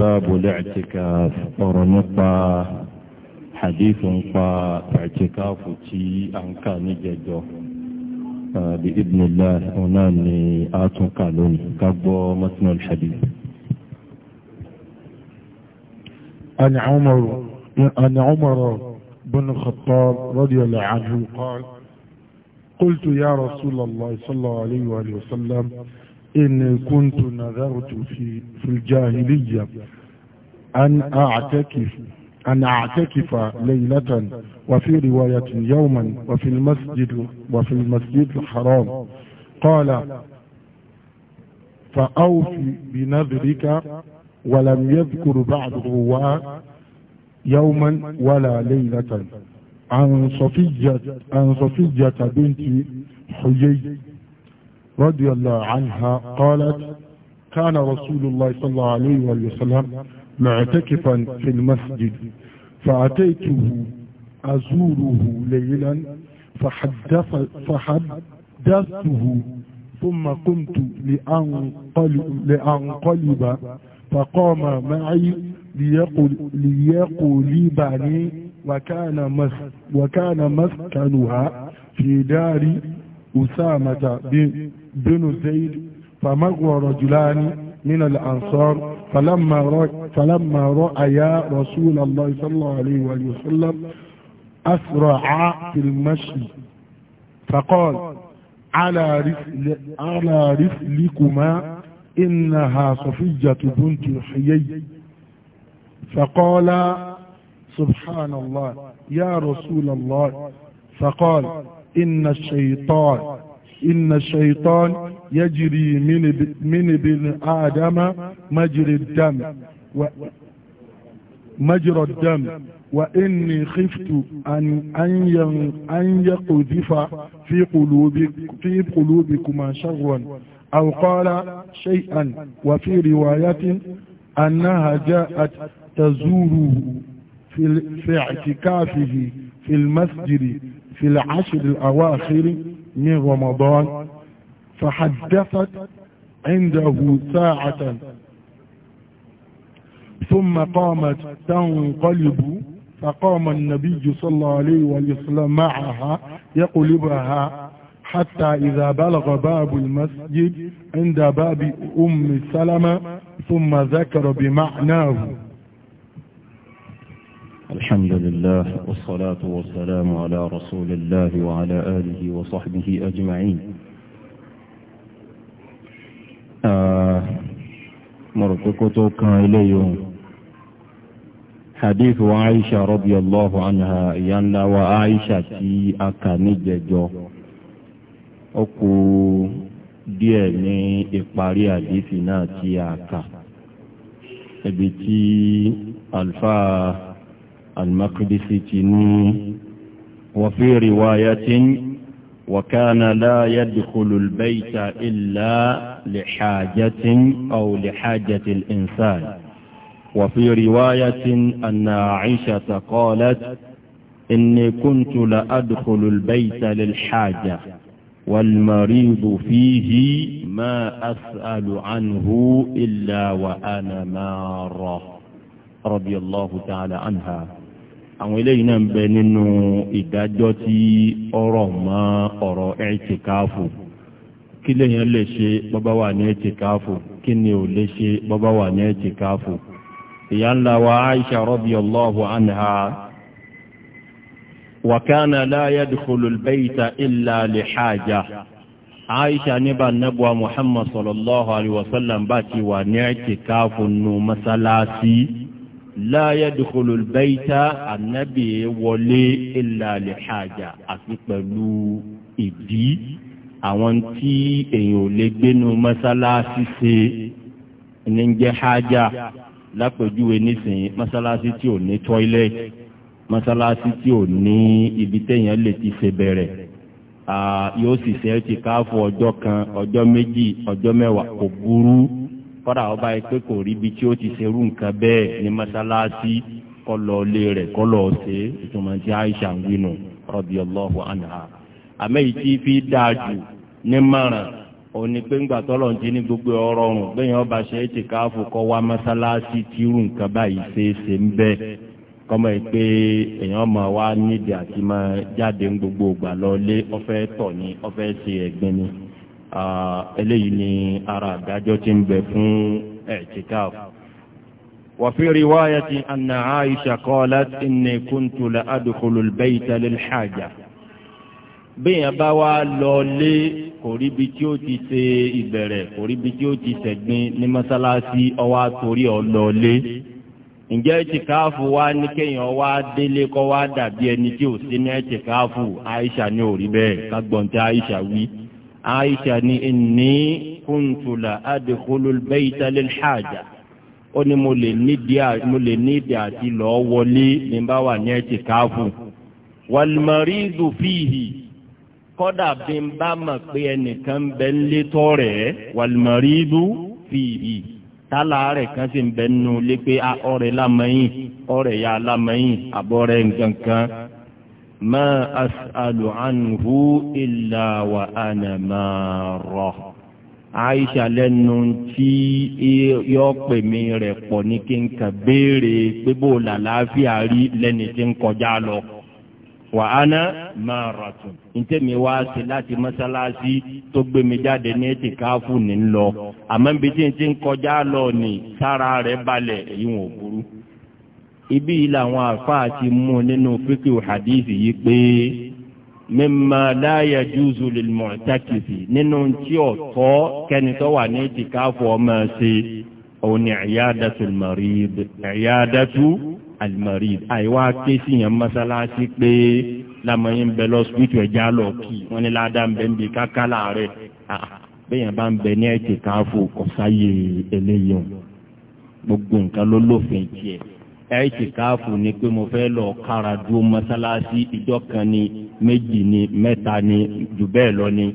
báàbò lẹ́ẹ̀tìkà ọ̀rọ̀ nípa hadithu nípa ẹ̀tìkáfù tí a ń kà níjẹjọ bí ibùdó ọ̀nà ni a tún kà lónìí ká gbọ́ mọ́tínọ̀lù hadith. عن عمر عن عمر بن الخطاب رضي الله عنه قال قلت يا رسول الله صلى الله عليه وآله وسلم إن كنت نذرت في, في الجاهلية أن أعتكف أن أعتكف ليلة وفي رواية يوما وفي المسجد وفي المسجد الحرام قال فأوف بنذرك ولم يذكر الرواة يوما ولا ليلة عن صفية, عن صفية بنت حيي رضي الله عنها قالت كان رسول الله صلى الله عليه وسلم معتكفا في المسجد فأتيته أزوره ليلا فحدث فحدثته ثم قمت لأنقلب, لأنقلب فقام معي ليقل ليقلبني وكان وكان مسكنها في دار أسامة بن زيد فمغوا رجلان من الأنصار فلما رأي فلما رأيا رسول الله صلى الله عليه وسلم أسرعا في المشي فقال على رسل على رسلكما إنها صفية بنت حيي فقال سبحان الله يا رسول الله فقال إن الشيطان إن الشيطان يجري من من ابن آدم مجرى الدم و مجرى الدم وإني خفت أن أن أن يقذف في قلوبك في قلوبكما شرا أو قال شيئا وفي رواية أنها جاءت تزوره في في اعتكافه في المسجد في العشر الأواخر من رمضان فحدثت عنده ساعة ثم قامت تنقلب فقام النبي صلى الله عليه وسلم معها يقلبها حتى إذا بلغ باب المسجد عند باب أم سلمة ثم ذكر بمعناه الحمد لله والصلاة والسلام على رسول الله وعلى آله وصحبه أجمعين مرتكتو كان إليهم حديث عائشة رضي الله عنها ينلا وعائشة تي أكانججو أكو díẹ̀ ní ìparí àdífì náà tí a المقدس تني وفي رواية وكان لا يدخل البيت إلا لحاجة أو لحاجة الإنسان وفي رواية أن عائشة قالت إني كنت لأدخل البيت للحاجة والمريض فيه ما أسأل عنه إلا وأنا مارة رضي الله تعالى عنها àwọn eléyìí náà ń bẹ nínú ìdájọ́ tí ọ̀rọ̀ mọ́ ọ̀rọ̀ ẹ̀ẹ́tìkáàfù kí lèyàn lè ṣe bọ́bá wà ní ẹ̀ẹ́tìkáàfù kí ni ò lè ṣe bọ́bá wà ní ẹ̀ẹ́tìkáàfù. ìyá ńlá wa aisha radiyallahu anha wa kana la yadkhulu al-bayta illa li haja aisha níbà nẹ́bùa muhammad sallallahu alayhi wa sallam bá ti wà ní ẹ̀ẹ́tìkáàfù nù mọ́sálásí láyé dùkọlù bẹ́ẹ̀ta ànábì wọlé ìlàlẹ̀ hajà àti pẹ̀lú ìdí àwọn tí èèyàn ò lè gbénu mọ́sálásí ṣe ní ń jẹ́ hajà lápèjúwe nísìnyí mọ́sálásí tí ò ní tọ́ílẹ̀tì mọ́sálásí tí ò ní ibi téèyàn lè ti ṣe bẹ̀rẹ̀ yóò sì ṣe é ti káfọ́ ọjọ́ kan ọjọ́ méjì ọjọ́ mẹ́wàá kò burú kọ́ra ọba báyìí kò rí ibi tí ó ti ṣerú nǹkan bẹ́ẹ̀ ní mọ́sálásí kọlọ ilé rẹ̀ kọ́ ṣe ìtumọ̀ tí Aisha ń winu radiyallahu anha àmẹ́yìí tí fi dáa jù ní òní pé ńgbà tọ́lọ̀ ní gbogbo ọ̀rọ̀ ọ̀run gbẹ̀yìn ọba ṣe é ti káfù kọ́ wá mọ́sálásí tí irú nǹkan báyìí ṣe é ń bẹ́ kọ́mọ yìí pé èèyàn nídìí àti jáde ń gbogbo eléyìí ni ara àdájọ́ ti ń bẹ fún ẹ̀ẹ́tìkáf. وفي رواية أن عائشة قالت إني كنت لأدخل البيت للحاجة bẹ́ẹ̀ bá wá lọ lé kòríbi tí ó ti ṣe ìbẹ̀rẹ̀ kòríbi tí ó ti ṣẹ̀gbìn ní mọ́sálásí ọwá torí ọ lé ǹjẹ́ ẹ̀tìkáàfù wá ní kéèyàn wá délé kọ́ wá dàbí ẹni tí ò sí ní ẹ̀tìkáàfù Aisha ní òrí bẹ́ẹ̀ kágbọ́n Aisha wí aisha ni inni kuntula adikulul bayita lil haja ó ní mo lè nídìí àti lọ́ọ́ wọlé ní bá wà ní ẹ̀tì káfù walmaridu fihi kọ́dà bí n bá mọ̀ pé ẹnìkan bẹ ń létọ́ rẹ̀ walmaridu fihi tálà rẹ̀ kan sì ń bẹ nù lé pé ọ̀rẹ́ lamẹ́yìn ọ̀rẹ́ ya lamẹ́yìn àbọ̀rẹ́ nǹkan ما أسأل عنه إلا وأنا مارة Aisha lẹ́nu tí yọ pè mí rẹ̀ pọ̀ ní kí n kà béèrè pé bó làlàáfíà rí lẹ́ni tí ń kọjá lọ. Wà á ná máa rà tún. Ntẹ́mi wá sí láti mọ́sálásí tó gbé mi jáde ní ètì káfù ní lọ. Àmọ́ ibi n ti ń kọjá lọ ni sára rẹ̀ balẹ̀ èyí wọn ò burú ibi ìlà àwọn àfáà ti mú nínú fíkì hadith yìí pé mímọ láàyè júùsù lè mọ̀ tákìsì nínú tí ọ̀tọ́ kẹni tó wà ní ìtìkáfù ọmọ ṣe òun ni ìyáàdàtú almarid ìyáàdàtú almarid àìwá ké sí yẹn mọ́sálásí pé lamọ̀yìn bẹ lọ́sibítù ẹ̀já lọ kì wọ́n ní ládàá ń bẹ ń bi káká láàárẹ̀ ah, bẹ́yẹn bá ń bẹ ní ìtìkáfù kọ̀sáyé eléyìí gbogbo nǹkan ló lófin tiẹ̀ ẹ̀ẹ́tìkáàfù ni pé mo fẹ́ lọ kára dúró mọ́sálásí ìjọ kan ni méjì ni mẹ́ta ni jù bẹ́ẹ̀ lọ ni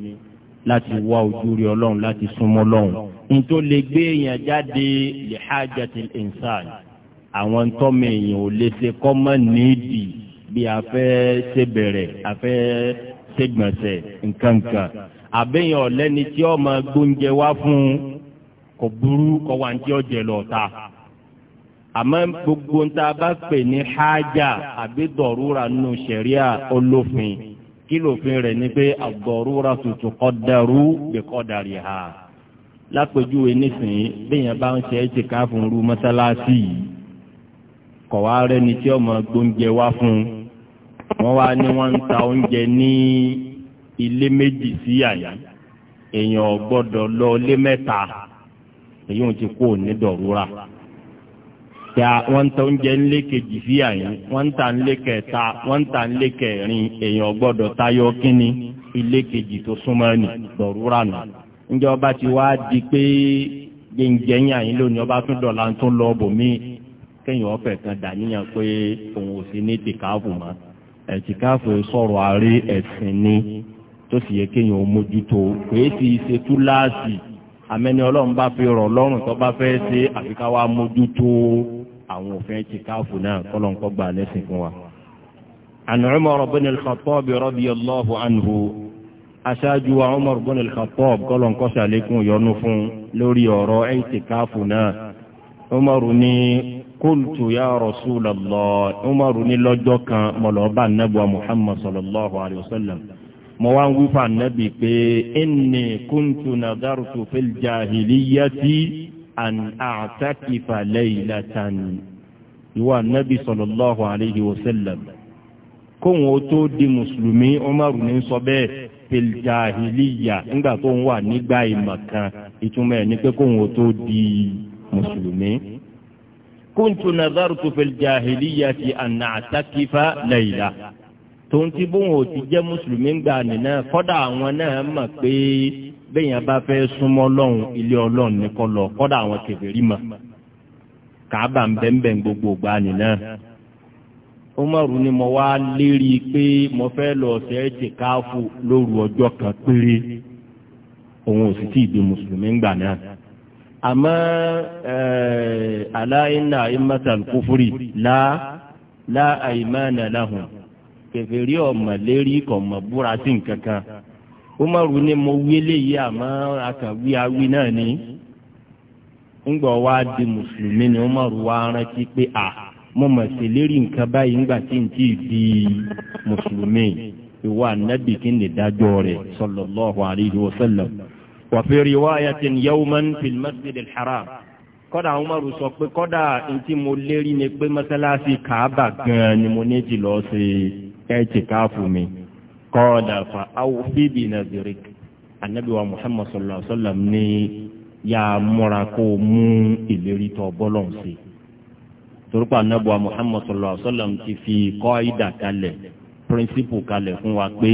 láti wá ojú rí ọlọ́run láti súnmọ́ ọlọ́run. ntó lè gbé èèyàn jáde lè hajjatil insan àwọn ntọ́mọ èèyàn ò lè ṣe kọ́mọ nídìí bí a fẹ́ ṣe bẹ̀rẹ̀ a fẹ́ ṣe gbọ̀nsẹ̀ nkankan. àbẹ̀yàn ọ̀lẹ́ni tí ó gbóúnjẹ wá fún kò burú kọ́ wa ní tí ó lọ́ta àmọ́ gbogbo tá a bá pè ní hájà àbí dọ̀rúra nù sẹ̀ríà olófin kí lófin rẹ̀ ni pé àdọ̀rúra tuntun kọ́ dẹrú bẹ́kọ́ darí ha lápèjúwe nísìnyí bẹ́yẹn bá ń ṣe é ti ká fún irú mọ́sálásí yìí kọ̀ wá rẹ́ni tí ọmọ gbóúnjẹ wá fún wọ́n wá ní wọ́n ń ta oúnjẹ ní ilé méjì sí àyà èèyàn gbọ́dọ̀ lọ ilé mẹ́ta èyí ò ti kó ní dọ̀rúra. ya wọ́n nje oúnjẹ ńlé anyị nwata àyín wọ́n ta ńlé kẹta wọ́n ta ńlé kẹrin èèyàn gbọ́dọ̀ tayọ kínní ọba ti wá di pé jẹ́njẹ́ yín àyín lónìí ọba tún dọ̀la tó lọ bòmí kéèyàn ọ̀fẹ́ kan pé òun ò sí ní tìkáàfù mọ́ ẹ̀tìkáàfù sọ̀rọ̀ àárẹ̀ ẹ̀sìn ni tó sì yẹ kéèyàn ó mójútó àmẹ́ni ọlọ́run bá fi rọ̀ lọ́rùn àwọn òfin ti káàfù náà kọ́lọ̀ ń kọ́ gbà lẹ́sìn fún wa. عن عمر بن الخطاب رضي الله عنه أساج عمر بن الخطاب قال انقص عليكم ينفون لوري اعتكافنا عمرني قلت يا رسول الله عمرني لجوكا ملوبا النبوة محمد صلى الله عليه وسلم موان وفا النبي إني كنت نظرت في الجاهلية an a'takifa laylatan ìwà nabi sallallahu alayhi wa sallam kóhun ó tó di mùsùlùmí Umaru ní sọ bẹ́ẹ̀ filjahiliya ńgbà tó ń wà nígbà ìmọ̀kan ìtumọ̀ ẹ̀ ní pé kóhun ó tó di mùsùlùmí. kuntu nazartu filjahiliya ti an a'takifa layla tó ti bóun ò ti jẹ́ mùsùlùmí ńgbà nìyẹn kọ́dà àwọn náà mọ̀ pé bẹ́yìn bá fẹ́ súnmọ́ ọlọ́run ilé ọlọ́run nìkan lọ kọ́dà àwọn kẹfìrí mọ̀ kàábà ń bẹ́ńbẹ́ gbogbo ìgbà nìyẹn umaru ni mo wá lérí pé mo fẹ́ lọ ṣe é ti káfù lóru ọjọ́ kan péré òun ò sì tí ì di mùsùlùmí ńgbà náà àmọ́ eh, aláìna imatal kufuri la la àìmánà lahùn kẹfìrí ọmọ lérí kọ̀ọ̀mọ̀ búra sí nǹkan kan umaru ni mo wí eléyìí àmọ́ akàwé awí náà ni ńgbà wa di mùsùlùmí ni umaru wa rántí pé a mo mọ̀ sí lérí nǹkan báyìí ńgbà tí n ti di mùsùlùmí ìwà nábì kí ni dájọ́ rẹ̀ sallallahu alayhi wa sallam wa fi riwayatin yawman fil masjid al kọ́dà umaru sọ pé kọ́dà ntí mo lérí ni pé mọ́sálásí kàábà gan-an ni mo ní ti lọ́ọ́ ṣe ẹ̀ tìkáàfù mi kọ́ọ̀dà fa awúfí bíi nàìjíríkì anabi wa muhammad sallallahu alaihi wa sallam ní yàá múra kó mú ìlérí tó bọ́lọ̀ sí torípa anabi wa muhammad sallallahu alaihi wa sallam ti fi kọ́ọ̀dà kalẹ̀ píríncípù kalẹ̀ fún wa pé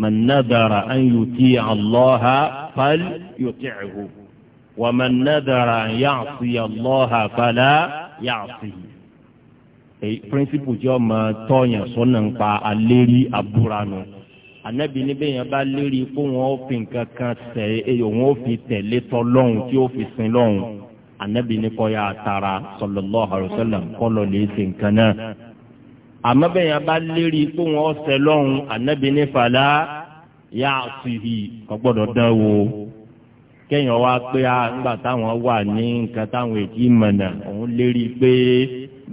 man nadara an yuti allaha fal yuti'hu wa man nadara an ya'si allaha fala ya'sihi èyí píríncípù tí ó máa tọ́yàn sọ́nà ń pa alérí abúranu anabi níbẹ̀ yẹn bá lérí kó wọn ó fi nǹkan kan tẹ̀ òun ó fi tẹ̀lé tọ́ lọ́hùn tí ó fi sin lọ́hùn anabi ní ya tara sallallahu alaihi wasallam kọ́lọ̀ lè ṣe nǹkan náà àmọ́ bẹ́ẹ̀ yẹn bá lérí kó wọn ó sẹ lọ́hùn anabi ní fàlà yá àtúhì kò gbọ́dọ̀ dán wò kéèyàn wá pé a ah, ńgbà táwọn wà ní nǹkan táwọn èjì mọ̀nà òun lérí pé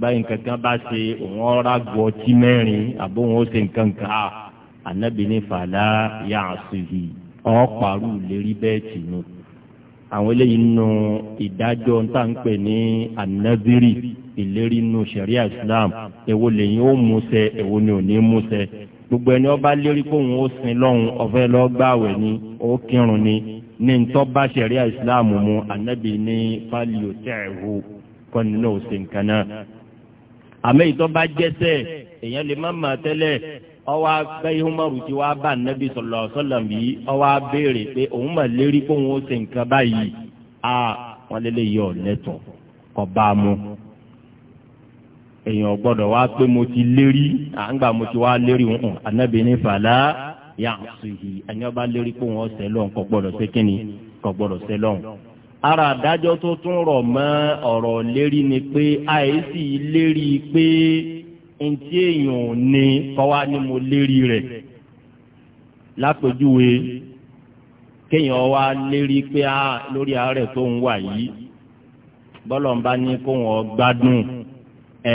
báyìí kankan bá ṣe òun ọ̀rá gbọ́ tí mẹ́rin àbó òun ó ṣe nǹkan kan á ah, ànábì ní fàlà yà á sì hì ọ́ pàrọ̀ lérí bẹ́ẹ̀ tì nù. àwọn eléyìí nù ìdájọ́ tá ń pè ní ànábìrì ìlérí nù sẹ̀ríà islam èwo lèyìn ó mú ṣẹ èwo ni ò ní mú ṣẹ gbogbo ẹni ọba lérí kóun ó sin lọ́hùn ọ̀fẹ́ lọ́ọ́ gbàwẹ̀ ni ó kírun ni ní ntọ́ bá sẹ̀ríà islam mu ànábì ní fàlì òtẹ́ẹ̀hù kọ́ni náà ó ṣe nǹkan náà. àmọ́ ìtọ́ bá jẹ́sẹ̀ èèyàn lè má mà tẹ́lẹ̀ ọwọ́ abẹ́yẹ Umaru tí wàá bá nẹ́bí yìí ọwọ́ abéèrè a wọn lè lè yọ lẹ́tọ̀ kọ́ èèyàn gbọ́dọ̀ wá pé mo ti lérí à ń gbà mo ti wá lérí hùn anábì ní fàlà yà ń sùn yìí ẹni ọba lérí pé òun kọ́ gbọ́dọ̀ kọ́ gbọ́dọ̀ ara àdájọ́ tó tún rọ̀ mọ́ ọ̀rọ̀ lérí ni pé àìsí lérí pé ntí èèyàn ní kọ́wá ni mo lérí rẹ̀ lápèjúwe kéèyàn wá lérí pé a lórí àárẹ̀ tó ń wà yìí bọ́lọ̀ ń bá ní kó wọn gbádùn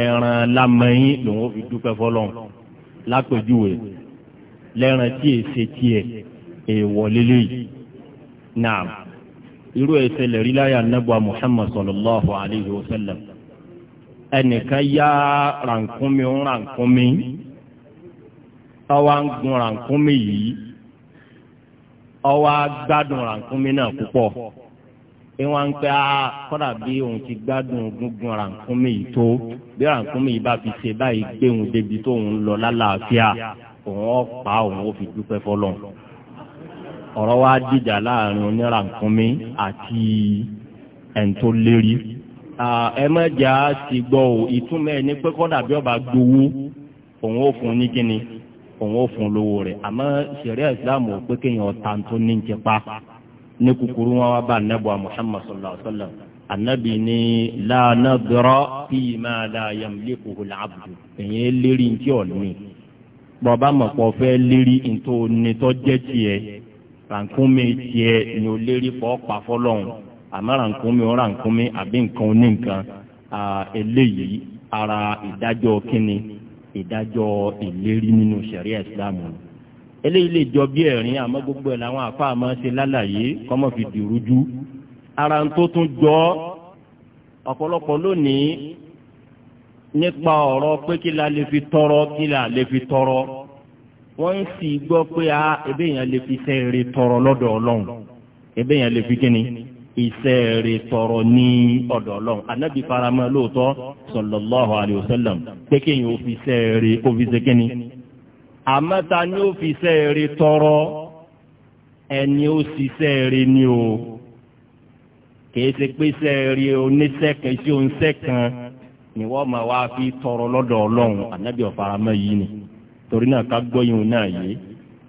ẹran lamẹ́yìn lòun ó fi dúpẹ́ fọlọ́n lápèjúwe lẹ́ran tí èsè tiẹ̀ èèwọ̀ lélẹ́yìí náà irú ẹ̀ṣẹ̀lẹ̀ rí láyà nẹ́bùa Muhammad sallallahu alayhi wa sallam ẹnìkan yá rànkúnmi ń rànkúnmi ọwọ́ ń gun rànkúnmi yìí ọwọ́ gbádùn rànkúnmi náà púpọ̀ ìwọ̀n ń pẹ́ á kọ́dà bí òun ti gbádùn gúngun rànkúnmi yìí tó bí rànkúnmi yìí bá fi ṣe báyìí gbé òun débi tó òun lọ lálàáfíà òun ọ̀pá òun ó fi dúpẹ́ fọlọ́n ọ̀rọ̀ wa dìjà láàrin onírànkúnmí àti ẹ̀ńtó lérí. ẹ mẹ́jà ti gbọ́ o ìtumọ̀ ẹ̀ ní pé kọ́dà bí ọba gbowó òun ò fún ní kíni òun ò fún lówó rẹ̀ àmọ́ sẹ̀ríà ìsìlámù ò pé kéèyàn ta tó ní jẹpa ní kúkúrú wọn wá bá anabu muhammad sallallahu alaihi wa sallam anabi ni lana dọrọ bíi máa la yamliku al-abdu èyàn lérí ntí ọ̀nì bọ́ọ̀bá mọ̀ fẹ́ lérí ntó nítọ́ jẹ́ tiẹ̀ rànkúnmi tiẹ̀ ni ò lérí pọ̀ pa fọlọ́hún àmọ́ rànkúnmi ò rànkúnmi àbí nǹkan oníǹkan eléyìí ara ìdájọ́ kínni ìdájọ́ ìlérí nínú sẹ̀ríà ìsìlámù ni eléyìí lè jọ bí ẹ̀rín àmọ́ gbogbo ẹ̀ làwọn àfa àmọ́ ṣe lálàyé kọ́mọ́ fi dìrú jú ara ń tó tún lónìí nípa ọ̀rọ̀ pé kí la lè fi tọrọ kí la lè fi tọrọ wọ́n ń sì gbọ́ pé a ebe yẹn lè fi iṣẹ́ rere tọrọ lọ́dọ̀ ọlọ́run ebe yẹn lè fi kíni iṣẹ́ rere tọrọ ní ọ̀dọ̀ ọlọ́run anabi faramọ́ lóòótọ́ sallallahu alayhi wa sallam pé kéèyàn ó fi iṣẹ́ rere kó fi ṣe kíni àmọ́ ta ni ó fi iṣẹ́ rere tọrọ ẹni ó ṣiṣẹ́ rere ni o kìí ṣe pé iṣẹ́ rere oníṣẹ́ kan iṣẹ́ oníṣẹ́ kan ni wọ́n máa wá fi tọrọ lọ́dọ̀ ọlọ́run anabi ọ̀faramọ́ yìí ni torí náà ká gbọ́yìn náà yìí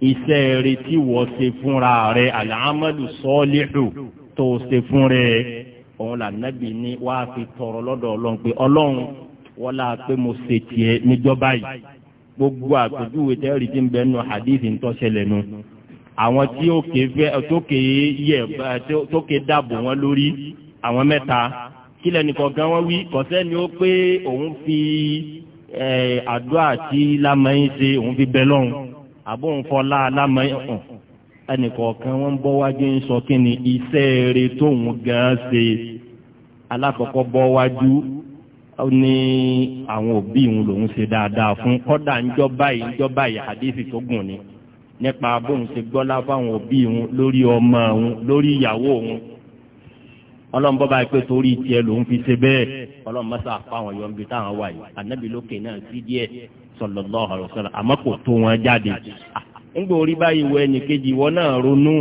iṣẹ́ rẹ tí wọ́n ṣe fúnra rẹ àlàámọ́lù sọ́ọ́lìhù tó ṣe fún rẹ òun là nábì ní wàá fi tọrọ lọ́dọ̀ ọlọ́run pé ọlọ́run wọ́n là pé mo ṣe tiẹ̀ níjọba yìí gbogbo àpèjúwe tẹ́rì tí ń bẹ nù hadithi ń tọ́ṣẹlẹ̀ nu àwọn tí ó ké fẹ́ tó ké yẹ tó ké dàbò wọn lórí àwọn mẹ́ta kílẹ̀ nìkan gan wọ́n wí kọ́sẹ́ ni ó pé òun fi àdúrà tí lámẹ́yìn ṣe òun fi bẹ lọ́hùn àbó òun fọlá lámẹ́yìn hàn ẹnìkọ̀ọ̀kan wọ́n ń bọ́ wájú ń sọ kí ni iṣẹ́ eré tóun gan-an ṣe alákọ̀ọ́kọ́ bọ́ wájú ó ní àwọn òbí òun lòun ṣe dáadáa fún kọ́dà ńjọ́ báyìí ńjọ́ báyìí àdéhìí tó gùn ni nípa bóun ṣe gbọ́lá fáwọn òbí òun lórí ọmọ òun lórí ìyàwó òun ọlọ́run bọ́ báyìí pé torí tiẹ̀ lòún fi ṣe bẹ́ẹ̀ ọlọ́run mọ́sá apá táwọn wà yìí ànábì lókè náà sí díẹ̀ sallallahu alaihi wasallam àmọ́ kò tó wọn jáde. ńgbà orí báyìí wọ ẹnì kejì ìwọ náà ronú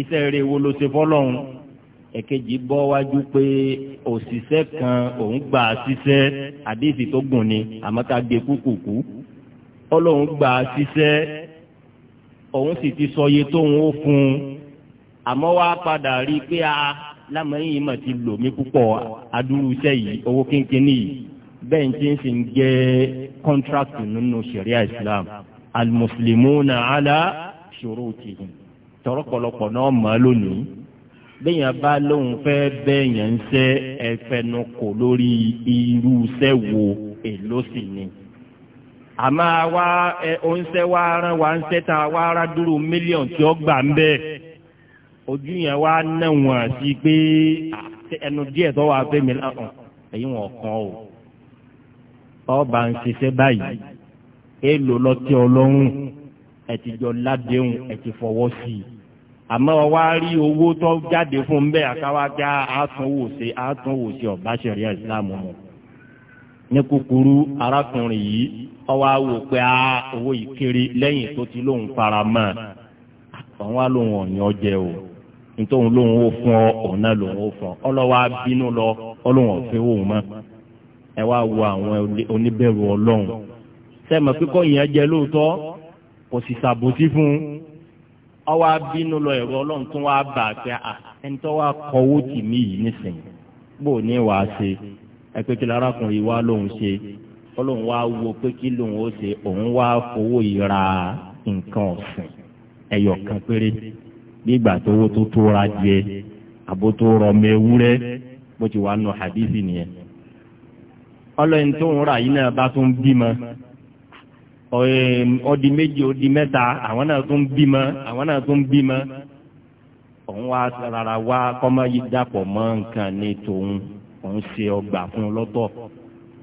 iṣẹ́ rere wo ló ṣe fọ́lọ́run ẹ̀kejì bọ́ wájú pé òṣìṣẹ́ kan òun gbà ṣiṣẹ́ àdéhìí tó gùn ni àmọ́ ká gbé kúkùkù ọlọ́run gbà ṣiṣẹ́ òun sì lámọ̀yìn yìí mà ti lò mí púpọ̀ adúrúṣẹ́ yìí owó kínkínní yìí bẹ́ẹ̀ ní ti ń sìn jẹ́ contract nínú sharia islam almuslimuna ala shurutihim tọrọ pọ̀lọpọ̀ náà mọ̀ lónìí bẹ́yàn bá lóun fẹ́ bẹ́yàn ń sẹ́ ẹfẹnukò lórí irú iṣẹ́ wo èló sì ni àmọ́ wa ẹ oúnṣẹ́ wa rán wa ń sẹ́ta wa rá mílíọ̀nù tí ó gbà ń bẹ́ẹ̀ ojú yẹn wá ná sí pé ẹnu díẹ̀ tó wà fẹ́ mi lọ́kàn èyí wọn kàn o ọba ń ṣiṣẹ́ báyìí èèlò lọ́tí ọlọ́run ẹ̀tìjọ́ ládéhùn ẹ̀tì fọwọ́ sí i àmọ́ wá rí owó tó jáde fún bẹ́ẹ̀ àtàwájá àtúnwò ṣe àtúnwò ṣe ọ̀bá ṣẹ̀ríà ìsìláàmù mọ́ ní kúkúrú arákùnrin yìí ọwọ́ àwò pé a owó yìí kéré lẹ́yìn tó ti lóun fara mọ́ àwọn wa ọ̀yàn jẹ o nítorí lóun ó fún ọ òun náà lóun ó fún ọ ọlọ́wọ́ abínú lọ ọlọ́wọ́ fẹ́ òun mọ́ ẹ wá wo àwọn oníbẹ̀rù ọlọ́run sẹ́mi kíkọ́ yẹn jẹ́ lóòótọ́ kò sì ṣàbòsí fún un ọwọ́ abínú lọ ẹ̀rọ ọlọ́run tún wá bà á pé à ẹni tó wá kọ owó tì mí yìí nísìnyí bó o ní wàá ṣe ẹ pé kí lárákùnrin wá lóun ṣe ọlọ́run wá wo pé kí lóun ó ṣe òun wá fowó yìí ra nǹkan ọ̀sìn ẹyọ kan péré nígbà tó wó tó tóra jẹ àbó tó rọmọ ewúrẹ́ bó ti wà nù hadisi nìyẹn ọlọ́yin tó ń rà yìí náà bá tún bímọ ọdí méje ọdí mẹ́ta àwọn náà tún bímọ àwọn náà tún bímọ òun wá rárá wá kọ́mọ yìí dàpọ̀ mọ́ nǹkan ní tòun òun ṣe ọgbà fún un lọ́tọ̀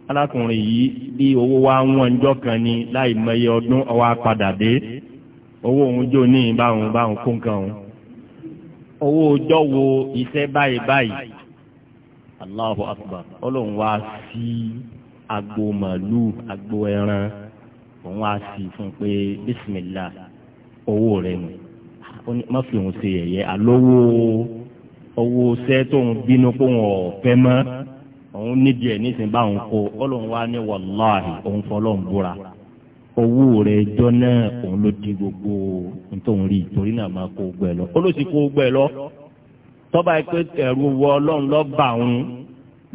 alákùnrin yìí bí owó wa ń wọ́n ọjọ́ kan ni láì mọye ọdún ọwọ́ apàdà dé owó òun jò ní ìbáwọn báwọn kó nǹkan òun owó ọjọ́ wo iṣẹ́ báyìí báyìí Allahu Akbar ọlọ́run wá sí agbo màálù agbo ẹran òun wá sí fún pé bísímìlá owó rẹ̀ nù má fi òun ṣe yẹ̀yẹ́ alówó owó iṣẹ́ tóun bínú kó wọn ọ̀fẹ́ mọ́ òun nídìí ẹ̀ nísìnyí báwọn kó ọlọ́run wá ní wàláhì òun fọlọ́run búra owó rẹ̀ ẹjọ́ náà òun ló di gbogbo nítorí rí torí náà máa kó gbẹ lọ ó ló sì kó gbẹ lọ tọ́ba yìí pé ẹ̀rù wọ ọlọ́run lọ́ba òun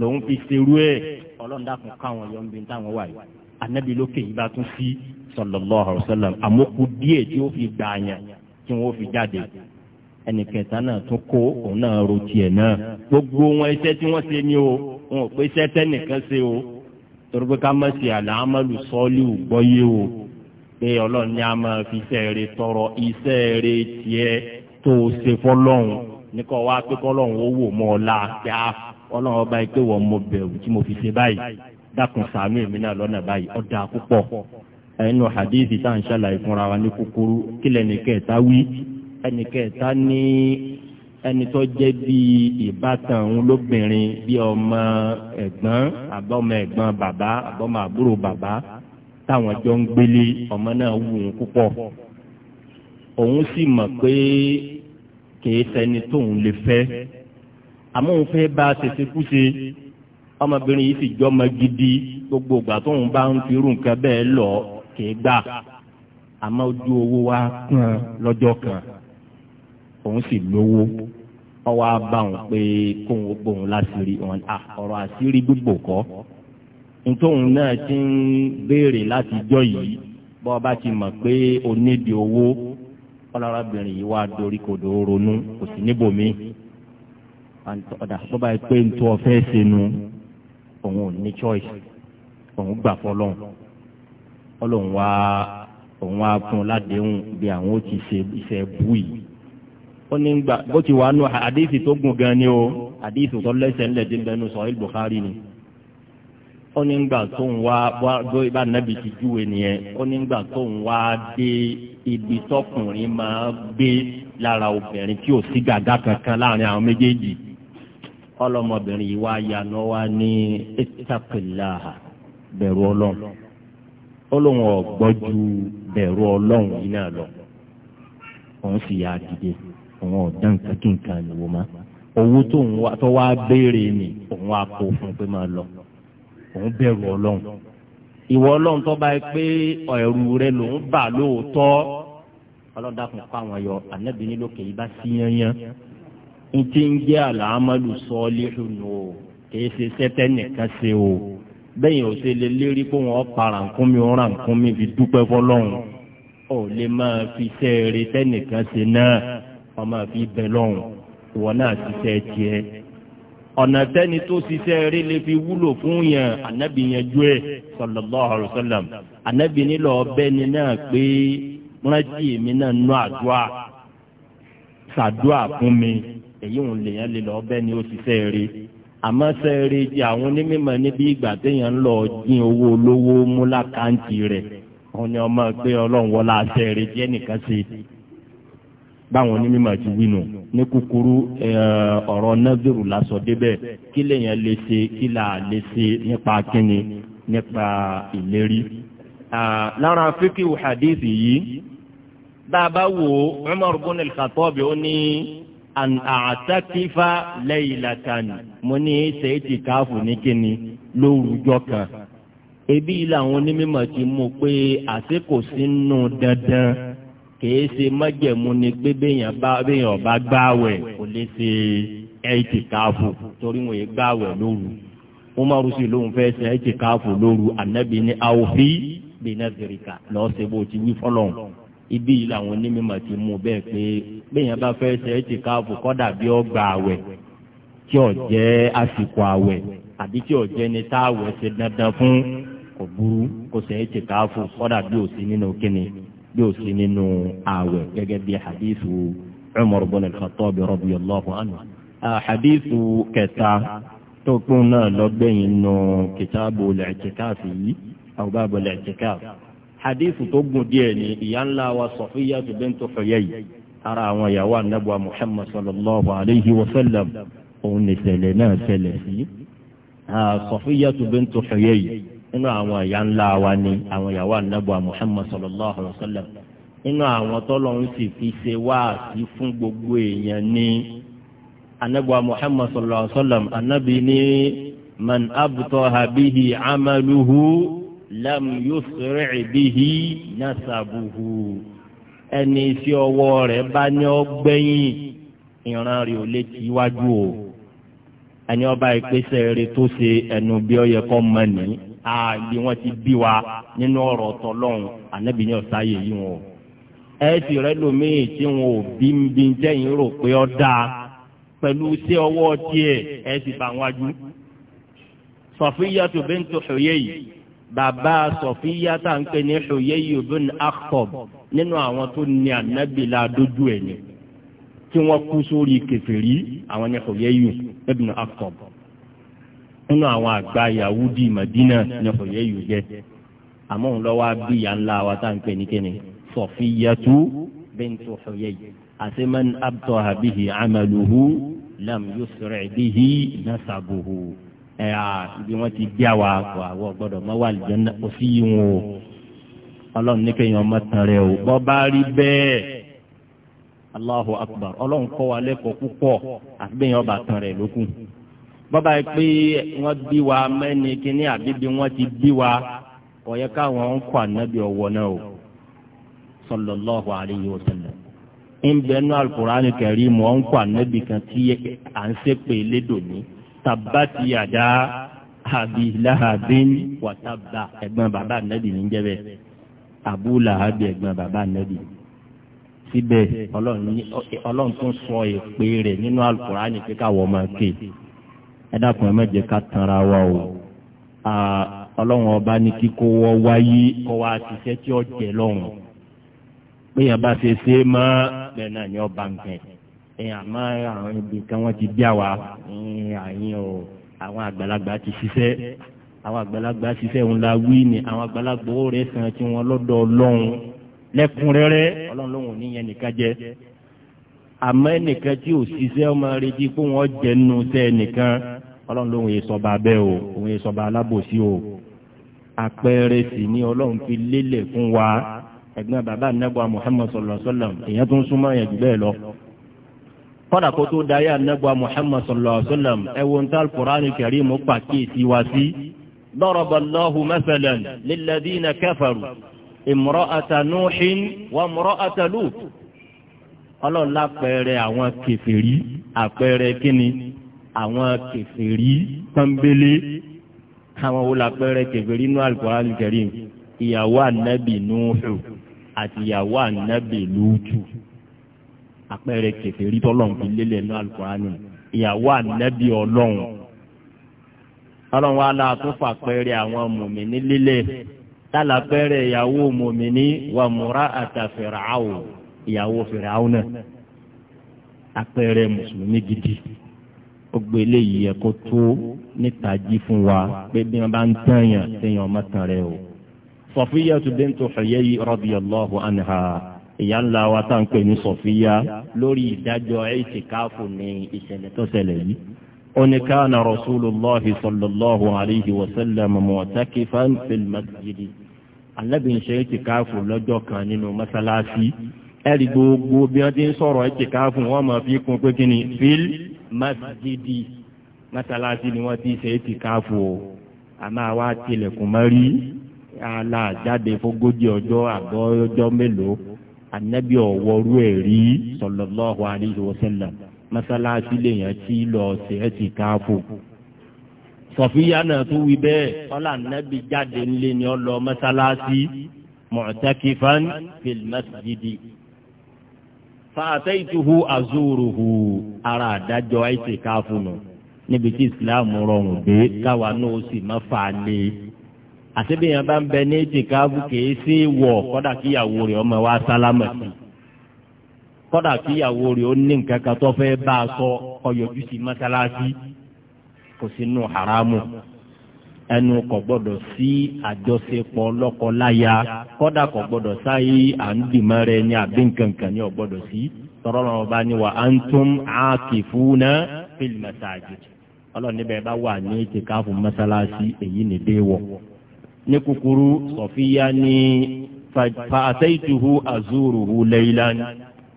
lòun fi serú ẹ̀ ọlọ́run dákun káwọn yọ̀ ń bí táwọn wà yìí anabi lókè yìí bá tún sí sallallahu alaihi wasallam àmókù díẹ̀ tí ó fi gbà yàn tí wọ́n fi jáde ẹnìkẹta náà tún kó òun náà ro tiẹ̀ náà gbogbo wọn iṣẹ́ tí wọ́n ṣe ni o wọn ò pé iṣẹ́ ṣe o torí pé ká má ṣe àlàámọ́lù sọ́ọ́lù gbọ́yé o pé ọlọ́run ní a máa fi iṣẹ́ rẹ tọrọ iṣẹ́ rẹ tiẹ̀ tó o ṣe fọlọ́run níkọ́ wá pé kọ́lọ́run ó wò mọ́ ọ la a ah, ọlọ́run ọba yìí pé wọ́n mo bẹ̀rù tí mo fi ṣe báyìí dákun ṣàánú èmi náà lọ́nà báyìí ó dáa púpọ̀ ẹnu hadithi tá à ń ṣàlàyé fúnra wa ní kúkúrú kílẹ̀ nìkẹ́ẹ̀ta wí ẹnìkẹ́ẹ̀ta ní ẹni tó jẹ́ bí ìbátan òun lóbìnrin bí ọmọ ẹ̀gbọ́n àbọ̀mọ ẹ̀gbọ́n bàbá àbọ̀mọ àbúrò bàbá táwọn jọ ń gbélé ọmọ náà wù ú púpọ̀ òun sì mọ̀ pé kìí ṣẹni tóun lè fẹ́ àmọ́ òun fẹ́ bá a ṣèṣe kúṣe ọmọbìnrin yìí sì jọmọ gidi gbogbo ìgbà tóun bá ń fi irú nǹkan bẹ́ẹ̀ lọ kìí gbà àmọ́ ojú owó wa kàn lọ́jọ́ kan òun sì lówó ọwọ́ á bá òun pé kóun gbóhun láṣìírí òun à ọ̀rọ̀ àṣírí gbogbo kọ́ nítòun náà ti ń béèrè láti jọ́ yìí bọ́ ọ bá ti mọ̀ pé o nídìí owó ọlọ́rọ̀bìnrin yìí wá dorí kodò ronú kò sí níbòmí ọ̀dà tó bá yẹ pé nítorí ọ̀fẹ́ ṣẹnu òun ò ní choice òun gbà fọlọ́n ọlọ́run wá òun wá fún un ládéhùn bí àwọn ó ti ṣe iṣẹ́ bú yìí ó ní gbà bó ti wà ní àdéhìsì tó gùn gan ni o àdéhìsì tó lẹ́sẹ̀ ńlẹ̀ dín lẹ́nu sọ ìlú buhari ni ó ní gbà tó ń wá bó ibà nàbì ti júwe nìyẹn ó ní gbà tó ń wá dé ibi tọkùnrin máa gbé lára obìnrin tí ò sí gàgá kankan láàrin àwọn méjèèjì ọlọmọbìnrin yìí wá wá ní bẹ̀rù ọlọ́run ó lóun ọ̀gbọ́n ju bẹ̀rù ọlọ́run yìí náà lọ òun sì dìde. fún wọn ọ̀dá nǹkan kí nǹkan nìwò má owó tó ń wá tó wá béèrè ni òun wá kó fún pé máa lọ òun bẹ̀rù ọlọ́run ìwọ ọlọ́run tó bá yẹ pé ẹ̀rù rẹ lòún bà lóòótọ́ ọlọ́dàkùn kọ́ àwọn yọ ànábì ní lókè yìí bá sí yányán n ti ń jẹ́ àlàámọ́lù sọ́ọ́lì nù o kìí ṣe sẹ́tẹ́ nìkan ṣe o bẹ́yìn ò ṣe lè lérí pé wọ́n para nǹkan mi ràn nǹkan mi fi dúpẹ́ fọlọ́run ò lè máa fi sẹ́ẹ̀rẹ́ tẹ́nìkan ṣe náà ọmọ fi bẹ lọ́hùn ìwọ náà ṣiṣẹ́ tiẹ̀ ọ̀nà tẹ́ni tó ṣiṣẹ́ rí lè fi wúlò fún yẹn ànábì yẹn ju ẹ̀ sallallahu alaihi wasallam ànábì nílò ọbẹ̀ ni náà pé rántí èmi náà nú àdúrà ṣàdúrà fún mi èyí ń lè yẹn lè lọ ọbẹ̀ ni ó ṣiṣẹ́ rí àmọ́ sẹ́ẹ̀rì di àwọn onímọ̀ níbi ìgbà téèyàn ń lọ dín owó olówó mú lákàntì rẹ̀ wọn ni ọmọ pé ọlọ́run wọlé àṣẹ rẹ̀ jẹ́ nìkan sí báwọn onímọ̀ ti wí nù ní kúkúrú ọ̀rọ̀ nẹ́fẹ̀rù lásọ débẹ̀ kí lèèyàn lè ṣe kí là lè ṣe nípa kíni nípa ìlérí. lára fíkì hadithi yìí bá a bá wo Umar ibn al-Khattab ó ní an àtàkìfà laylatan mo ní ṣe káfù ní kíni lórúkọ kan. ebi làwọn onímọ̀ ti mú pé àṣekò sínú dandan kìí ṣe májẹ̀mú ni pé béèyàn bá béèyàn bá gbààwẹ̀ kò lè ṣe ẹ̀ẹ́tì káàfù torí wọn yìí gbààwẹ̀ lóru wọn máa rúṣì lóhun fẹ́ ṣe ẹ̀ẹ́tì káàfù lóru ànábì ní àwòfí bìnnà zèrìkà lọ́ọ́ ṣe bó ti wí fọ́lọ́n ibi yìí làwọn onímọ̀ ti mú bẹ́ẹ̀ pé béèyàn bá fẹ́ ṣe ẹ̀ẹ́tì káàfù kọ́dà bí ó gbààwẹ̀ tí ò jẹ́ àsìkò àwẹ̀ àbí tí ò jẹ́ ni táwẹ̀ ṣe dandan fún kò burú kò ṣe ẹ̀ẹ́tì káàfù kọ́dà bí ò sí nínú kíni yóò sí nínú ààwẹ̀ gẹ́gẹ́ bí hadithu Umar ibn al-Khattab radiyallahu anhu. hadithu kẹta tó kún náà lọ́gbẹ̀yìn nù kìtàbù lẹ́ẹ̀kẹ́káfì yìí aw babu lẹ́ẹ̀kẹ́káfì. hadithu tó gùn díẹ̀ ni ìyá ńlá wa Safiyya bint Huyay ara àwọn ìyàwó anábọ̀ Muhammad sallallahu alayhi wa sallam òun nìṣẹ̀lẹ̀ náà ṣẹlẹ̀ sí. Safiyya bint Huyay nínú àwọn ìyá ńlá wa ni àwọn ìyàwó anábọ̀ Muhammad sallallahu alayhi wa sallam nínú àwọn tọ́lọ̀ ń sì fi ṣe wáàsí fún gbogbo èèyàn ní anábọ̀ Muhammad sallallahu alayhi wa sallam anábì ní man abtaha bihi amaluhu lam yusri' bihi nasabuhu ẹni tí ọwọ́ rẹ̀ bá ní ọgbẹ́yìn ìran rẹ̀ ò lè ti wájú o ẹni ọba ìpèsè rẹ̀ tó ṣe ẹnu bí ó yẹ kó mọ̀ nìyí àbí wọn ti bí wa nínú ọ̀rọ̀ tọlọ́run ànábì ní ọsà yẹ yìí wọn o ẹ sì rẹ lómiì tí wọn ò bí ń bí jẹyìn rò pé ọ dáa pẹ̀lú sí ọwọ́ tiẹ̀ ẹ sì bá wájú Sọfiyatu bintu Huyay bàbá Sọfiya tá à ń pè ní Huyay bin Akhtab nínú àwọn tó ní ànábì la dójú ni tí wọ́n kú sórí kèfèrí àwọn ní Huyay bin Akhtab nínú àwọn àgbà yahudi madina ní ọ̀yẹ́ yìí jẹ́ àmọ́ òun lọ́wọ́ bí ìyá ńlá wa tá à ń pè ní kíni sọ̀fìyàtú bẹ́ńtò ọ̀yẹ́ yìí àti man abtọ̀ àbíhi amaluhu lam yusrẹ̀ bihi nasabuhu ẹ̀ ibi wọ́n ti bí àwa kò àwọ̀ gbọ́dọ̀ mọ́ wà lìjẹ́ náà kò sí yìí o ọlọ́run ní kéèyàn ọmọ tán rẹ o bọ́ bá rí bẹ́ẹ̀ Allahu akbar ọlọ́run kọ́ wa lẹ́kọ̀ọ́ púpọ̀ àti bọ́ba yìí pé wọ́n bí wa mẹ́ni kínní àbí bí wọ́n ti bí wa ọ̀yẹ́ káwọn ń kọ́ ànábì ọ̀wọ́ náà o sallallahu alayhi wa sallam nbẹ nu alukur'ani kari mu an kọ anabi kan ti an se pele doni tabati yada abi lahabin wa tabba ẹ̀gbọ́n bàbá anabi ni jẹbẹ abu lahabi ẹ̀gbọ́n bàbá anabi síbẹ̀ Ọlọ́run tún sọ èpè rẹ̀ nínú alukur'ani kíkà wọ́n ma ké ẹ dákun ẹ má jẹ́ ká tanra wa o ọlọ́run ọba ní kíkó wọ́ wáyé kọ́ wa ṣiṣẹ́ tí ó jẹ lọ́run pé yẹn bá ṣe ṣe é mọ́ bẹ́ẹ̀ náà ni ọba nǹkan ẹ̀ àmọ́ àwọn ibi kan wọ́n ti bí àwa àyìn o àwọn àgbàlagbà ti ṣiṣẹ́ àwọn àgbàlagbà ṣiṣẹ́ òun la wí ni àwọn àgbàlagbà ó rẹ̀ sàn tí wọ́n lọ́dọ̀ ọlọ́run lẹ́kùnrẹ́rẹ́ ọlọ́run lòun ò nìkan jẹ́ àmọ́ ẹnìkan tí ò ṣiṣẹ́ ọmọ retí pé wọ́n jẹnu tẹ ẹnìkan ọlọ́run ló ń yẹ sọba abẹ́ o òun yẹ sọba alábòsí o àpẹẹrẹ sì ni ọlọ́run fi lélẹ̀ fún wa ẹ̀gbọ́n bàbá anábọ́à Muhammad sallallahu alaihi wasallam èèyàn tó ń súnmọ́ yẹn jù bẹ́ẹ̀ lọ. kọ́dà kó tó darí anábọ́à Muhammad sallallahu alaihi wasallam ẹ wo ń tal Qur'an karim mú pàkíyèsí wa sí. daraba Allahu mathalan lilladhina kafaru imra'ata Nuhin wa imra'ata ọlọ́run lápẹẹrẹ àwọn kẹfìrí àpẹẹrẹ kíni àwọn kẹfìrí pọ́nbélé àwọn wo lápẹẹrẹ kẹfìrí nínú Al-Qur'an Al-Karim ìyàwó ànábì Nuhu àti ìyàwó ànábì Lútù àpẹẹrẹ kẹfìrí tọ́lọ́run fi lélẹ̀ nínú Al-Qur'an ni ìyàwó ànábì ọlọ́run ọlọ́run wa la tó fàpẹẹrẹ àwọn mùmíní lélẹ̀ tálàpẹẹrẹ ìyàwó mùmíní wà múra àtàfẹ̀rẹ̀ àwò ìyàwó fìràwọ́nà apẹ̀rẹ̀ mùsùlùmí gidi ó gbé eléyìí yẹ kó tó níta jí fún wa pé bí wọn bá ń tẹ̀yàn tẹ̀yàn ọmọ tán rẹ o. sọfíyà tó dé ń tó xẹyẹ yìí radiyallahu anha ìyá ńlá wa tá ń pè ní sọfíyà lórí ìdájọ́ ẹ̀ẹ́sì káfù ní ìṣẹ̀lẹ̀ tó ṣẹlẹ̀ yìí. ó ní sallallahu alayhi wa sallam mu'takifan fil masjidi. alábìnṣe ẹ̀ẹ́sì káfù lọ́jọ́ kan nínú mọ́sálásí ẹ̀rí gbogbo bí wọ́n ti ń sọ̀rọ̀ ẹ̀kẹ́ká fún wọn máa fi kún pé kí ni fil masjidi mọ́sálásí ni wọ́n ti ṣe é ti káàfù o àmọ́ àwa tilẹ̀kùn mọ́ rí aláàjáde fógójì ọjọ́ àgọ́ ọjọ́ mélòó anabi ọ̀wọ́rú ẹ̀ rí sallallahu alaihi wasallam mọ́sálásí lèèyàn ti lọ ṣe é ti káàfù. náà tún wí bẹ́ẹ̀ ọ̀là anabi jáde ńlẹ̀ ni ọ lọ mọ́sálásí fàtẹ́yìtuhu azuruhu ara àdájọ́ àìsè káfùnù níbi tí islam rọrùn dé káwa náà sì má fà á lé àtẹ́bíyàn bá ń bẹ ní ètè káfù kìí sí wọ̀ kọ́dà kíyàwó rẹ̀ ọmọ wa sálámà sí kọ́dà kíyàwó rẹ̀ ó ní nǹkan kan tó fẹ́ bá a sọ ẹnu kò gbọdọ̀ sí àjọṣepọ̀ lọ́kọ-láya kọ́dà kò gbọdọ̀ sáyé à ń dìmọ́ rẹ ní àbí nkankan ní ọ̀gbọ́dọ̀ sí tọrọ lọ́wọ́ bá ní wa antum aakifuna fil masajid ọlọ́run níbẹ̀ bá wà ní tìkáfù mọ́sálásí èyí ní déwọ̀ ní kúkúrú sọ̀fíyá ní fa àtẹ́yìtuhu azuruhu laylan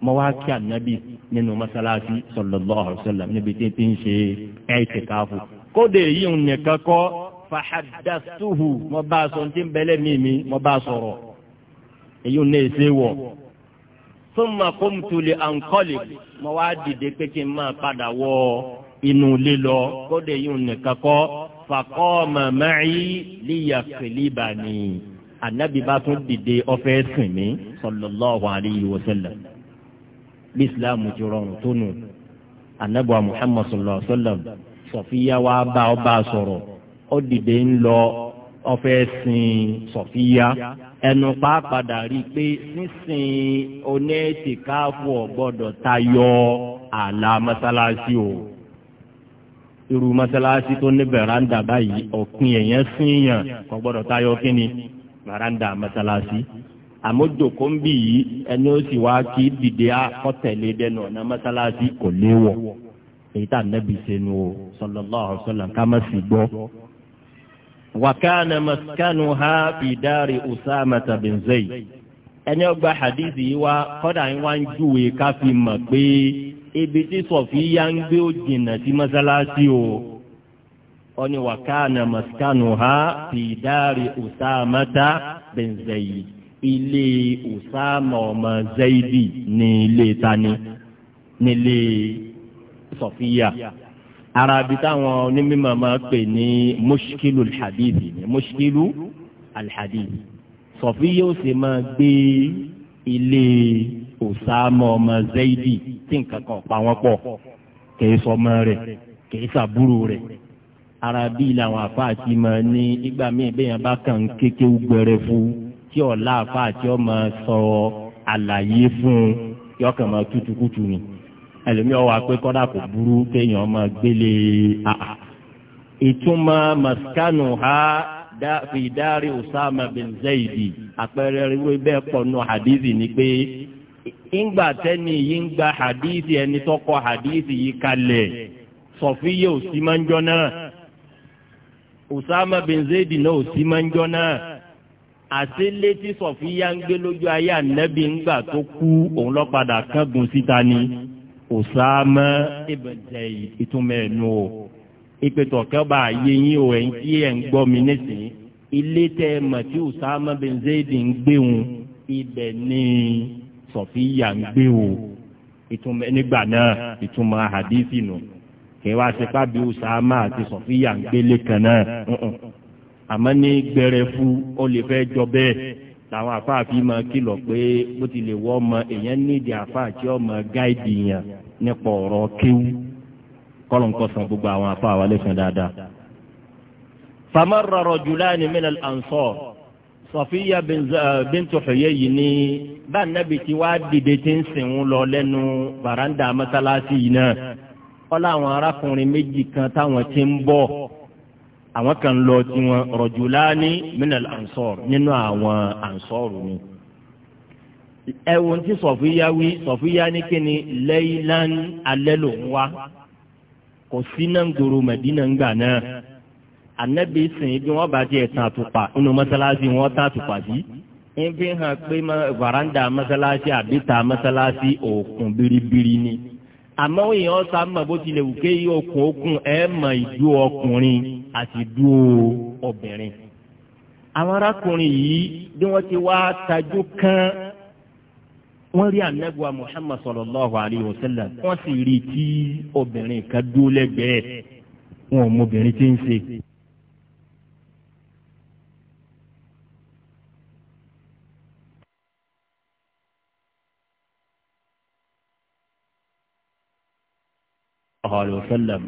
mo wá kí ànábì nínú mọ́sálásí sallallahu alaihi wasallam níbi tí ti ń ṣe ẹ̀ tìkáfù kódé yìí nìkan kọ́ fàḥàdàtúhù mo bá a sọ ní ti ń bẹ́lẹ̀ mí mi mo bá a sọ̀rọ̀ èyí ò ní èsè wọ̀ thumma qumtu li anqalib mo wá dìde pé kí n máa padà wọ inú lílọ kódé yìí ò nìkan kọ́ faqama ma'i liyaqlibani anabi bá tún dìde ọfẹ sìn mí alayhi wa sallam bí islam ti rọrùn tó nù anabi wa muhammad sallallahu alayhi wa sallam sọfíya wa bá ọba sọ̀rọ̀ ó dìde ń lọ ọfẹ́ sin sọ̀fíyá ẹnu pàápàdà rí i pé sísìn onẹ́tìkáfù ọ̀gbọ́dọ̀ tayọ ààlà mọ́sálásí o irú mọ́sálásí tó ní bẹ̀ràndà báyìí ọ̀pin èèyàn síyàn kò gbọ́dọ̀ tayọ kínni bẹ̀ràndà mọ́sálásí àmójòkó ń bì yìí ẹni ó sì wá kí dìde akọ́tẹ̀lé dẹnu ọ̀nà mọ́sálásí kò léwọ̀ èyí tá a nẹ́bi o sallallahu alaihi wasallam ká má sì gbọ́ wakana maskanu ha fi dari usama bin zayd ẹni ọgbà hadithi yìí wá kọ́dà yín wá ń júwe ká fi mọ̀ pé ibi tí sọ̀fíyà ń gbé ó sí mọ́sálásí o wọ́n ní wakana ha fi usama bin ilé usama ọmọ zaydi ní ilé tani nílé sọ̀fíyà. Yeah arabi táwọn onímọ̀ máa pè ní mushkilu alhadithi ní mushkilu alhadithi sọfí yóò ṣe máa gbé ilé osama ọmọ zaidi tí nǹkan kan pa wọn pọ̀ kìí sọmọ rẹ̀ kìí sàbúrò rẹ̀ arabi làwọn afáàtì máa ní ìgbà míì bẹ́yàn bá kàn kéke gbẹrẹ fún tí ọ̀la afáàtì ọmọ sọ àlàyé fún yọkàn máa tútù ni ẹlòmí ọwọ́ àpé kọ́dà kò burú kéèyàn ọmọ gbélé àà ìtumọ̀ maskanu ha fi dárí Usama bin Zaidi àpẹẹrẹ ríro bẹ́ẹ̀ pọ̀ nù hadithi ni pé ńgbà tẹ́ni yìí ń gba hadithi ẹni tó hadithi yìí kalẹ̀ sọ̀fíyè òsì máa ń jọ náà Usama bin Zaidi náà òsì máa ń jọ náà àti létí sọ̀fíyà ń gbé lójú ayé ànẹ́bí ńgbà tó kú òun lọ́padà kángun síta ni. Usama ibn Zayd ìtumọ̀ ẹ̀nu o ìpètò kẹ́bà ayé yín o ẹ̀ ń tí ẹ̀ ń gbọ́ mi nísìnyí ilé tẹ mọ̀ tí Usama bin Zayd ń gbé wọn ibẹ̀ ní Sọ̀fíyà ń gbé o ìtumọ̀ nígbà náà ìtumọ̀ hadithi nù kẹ́ wá sípà bí Usama àti Sọ̀fíyà ń gbélé kan náà àmọ́ ní gbẹrẹ fún ó lè fẹ́ jọ bẹ́ẹ̀ làwọn àfáà fi máa kìlọ̀ pé bó ti lè wọ́ ọmọ èèyàn nídìí àfáà tí ọmọ gáìdì yàn nípa ọ̀rọ̀ kéwú kọ́lọ̀ nǹkan san gbogbo àwọn àfáà wa lẹ́sìn dáadáa. famarra rajulani minal ansar sọfíyà bíntu eh, Huyayy ní bá nàbì tí wàá dìde tí ń sìn ń lọ lẹ́nu baranda mọ́sálásí yìí náà kọ́lá àwọn arákùnrin méjì kan táwọn ti ń bọ̀ àwọn kan lọ tí wọn rajulani minal ansor nínú àwọn ansọ́rù ni. ẹ wo ti sọ̀fíyá wí sọ̀fíyá ní kíni laylan alẹ́ ló ń wá kò sí náà gbòòrò mẹ̀dínà ń gbà náà anabi sìn bí wọ́n bá tiẹ̀ tàn àtùpà nínú mọ́sálásí wọ́n tàn àtùpà sí ń hàn pé varanda mọ́sálásí àbíta mọ́sálásí òkun biribiri ni àmọ́ èèyàn sá mọ̀ bó tilẹ̀ wù ké okùn okùn ẹ̀ mọ̀ ìdú ọkùnrin àti ìdú obìnrin. àwọn arákùnrin yìí bí wọ́n ti wá tajú kán wọ́n rí anabuwa muhammad sallallahu alayhi wa sallam wọ́n sì rí i tí obìnrin kan dúró lẹ́gbẹ̀ẹ́ wọn ò mọ obìnrin tí ń ṣe. alayhi wa sallam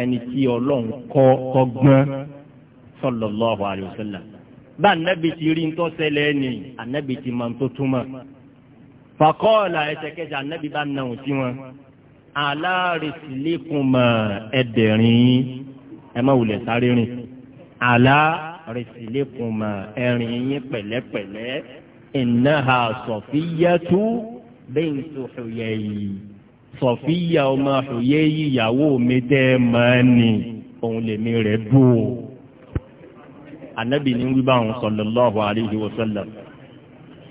ẹni tí ọlọ́run kọ́ kọ́gbọ́n sallallahu alayhi wa sallam bá anabi ti rí ntọ́ sẹlẹ̀ ni anabi ti máa tó túmọ̀ fakọ́ọ̀là ẹsẹ̀kẹsẹ̀ anabi bá nàún sí wọn alárèsílẹ̀kùnmọ̀ ẹ̀dẹ̀rin ẹ má wulẹ̀ sáré rìn alárèsílẹ̀kùnmọ̀ ẹ̀rìn yín pẹ̀lẹ́pẹ̀lẹ́ ìnáhà sọ̀fíyẹ́tù bẹ́ẹ̀ ń sọ̀fìyẹ́ sọ̀fíyà ọmọ àṣòyé ìyàwó mi tẹ́ máa ní òun lèmi rẹ̀ bú o. ànábì ní wíbá òun sallallahu alayhi wa sallam.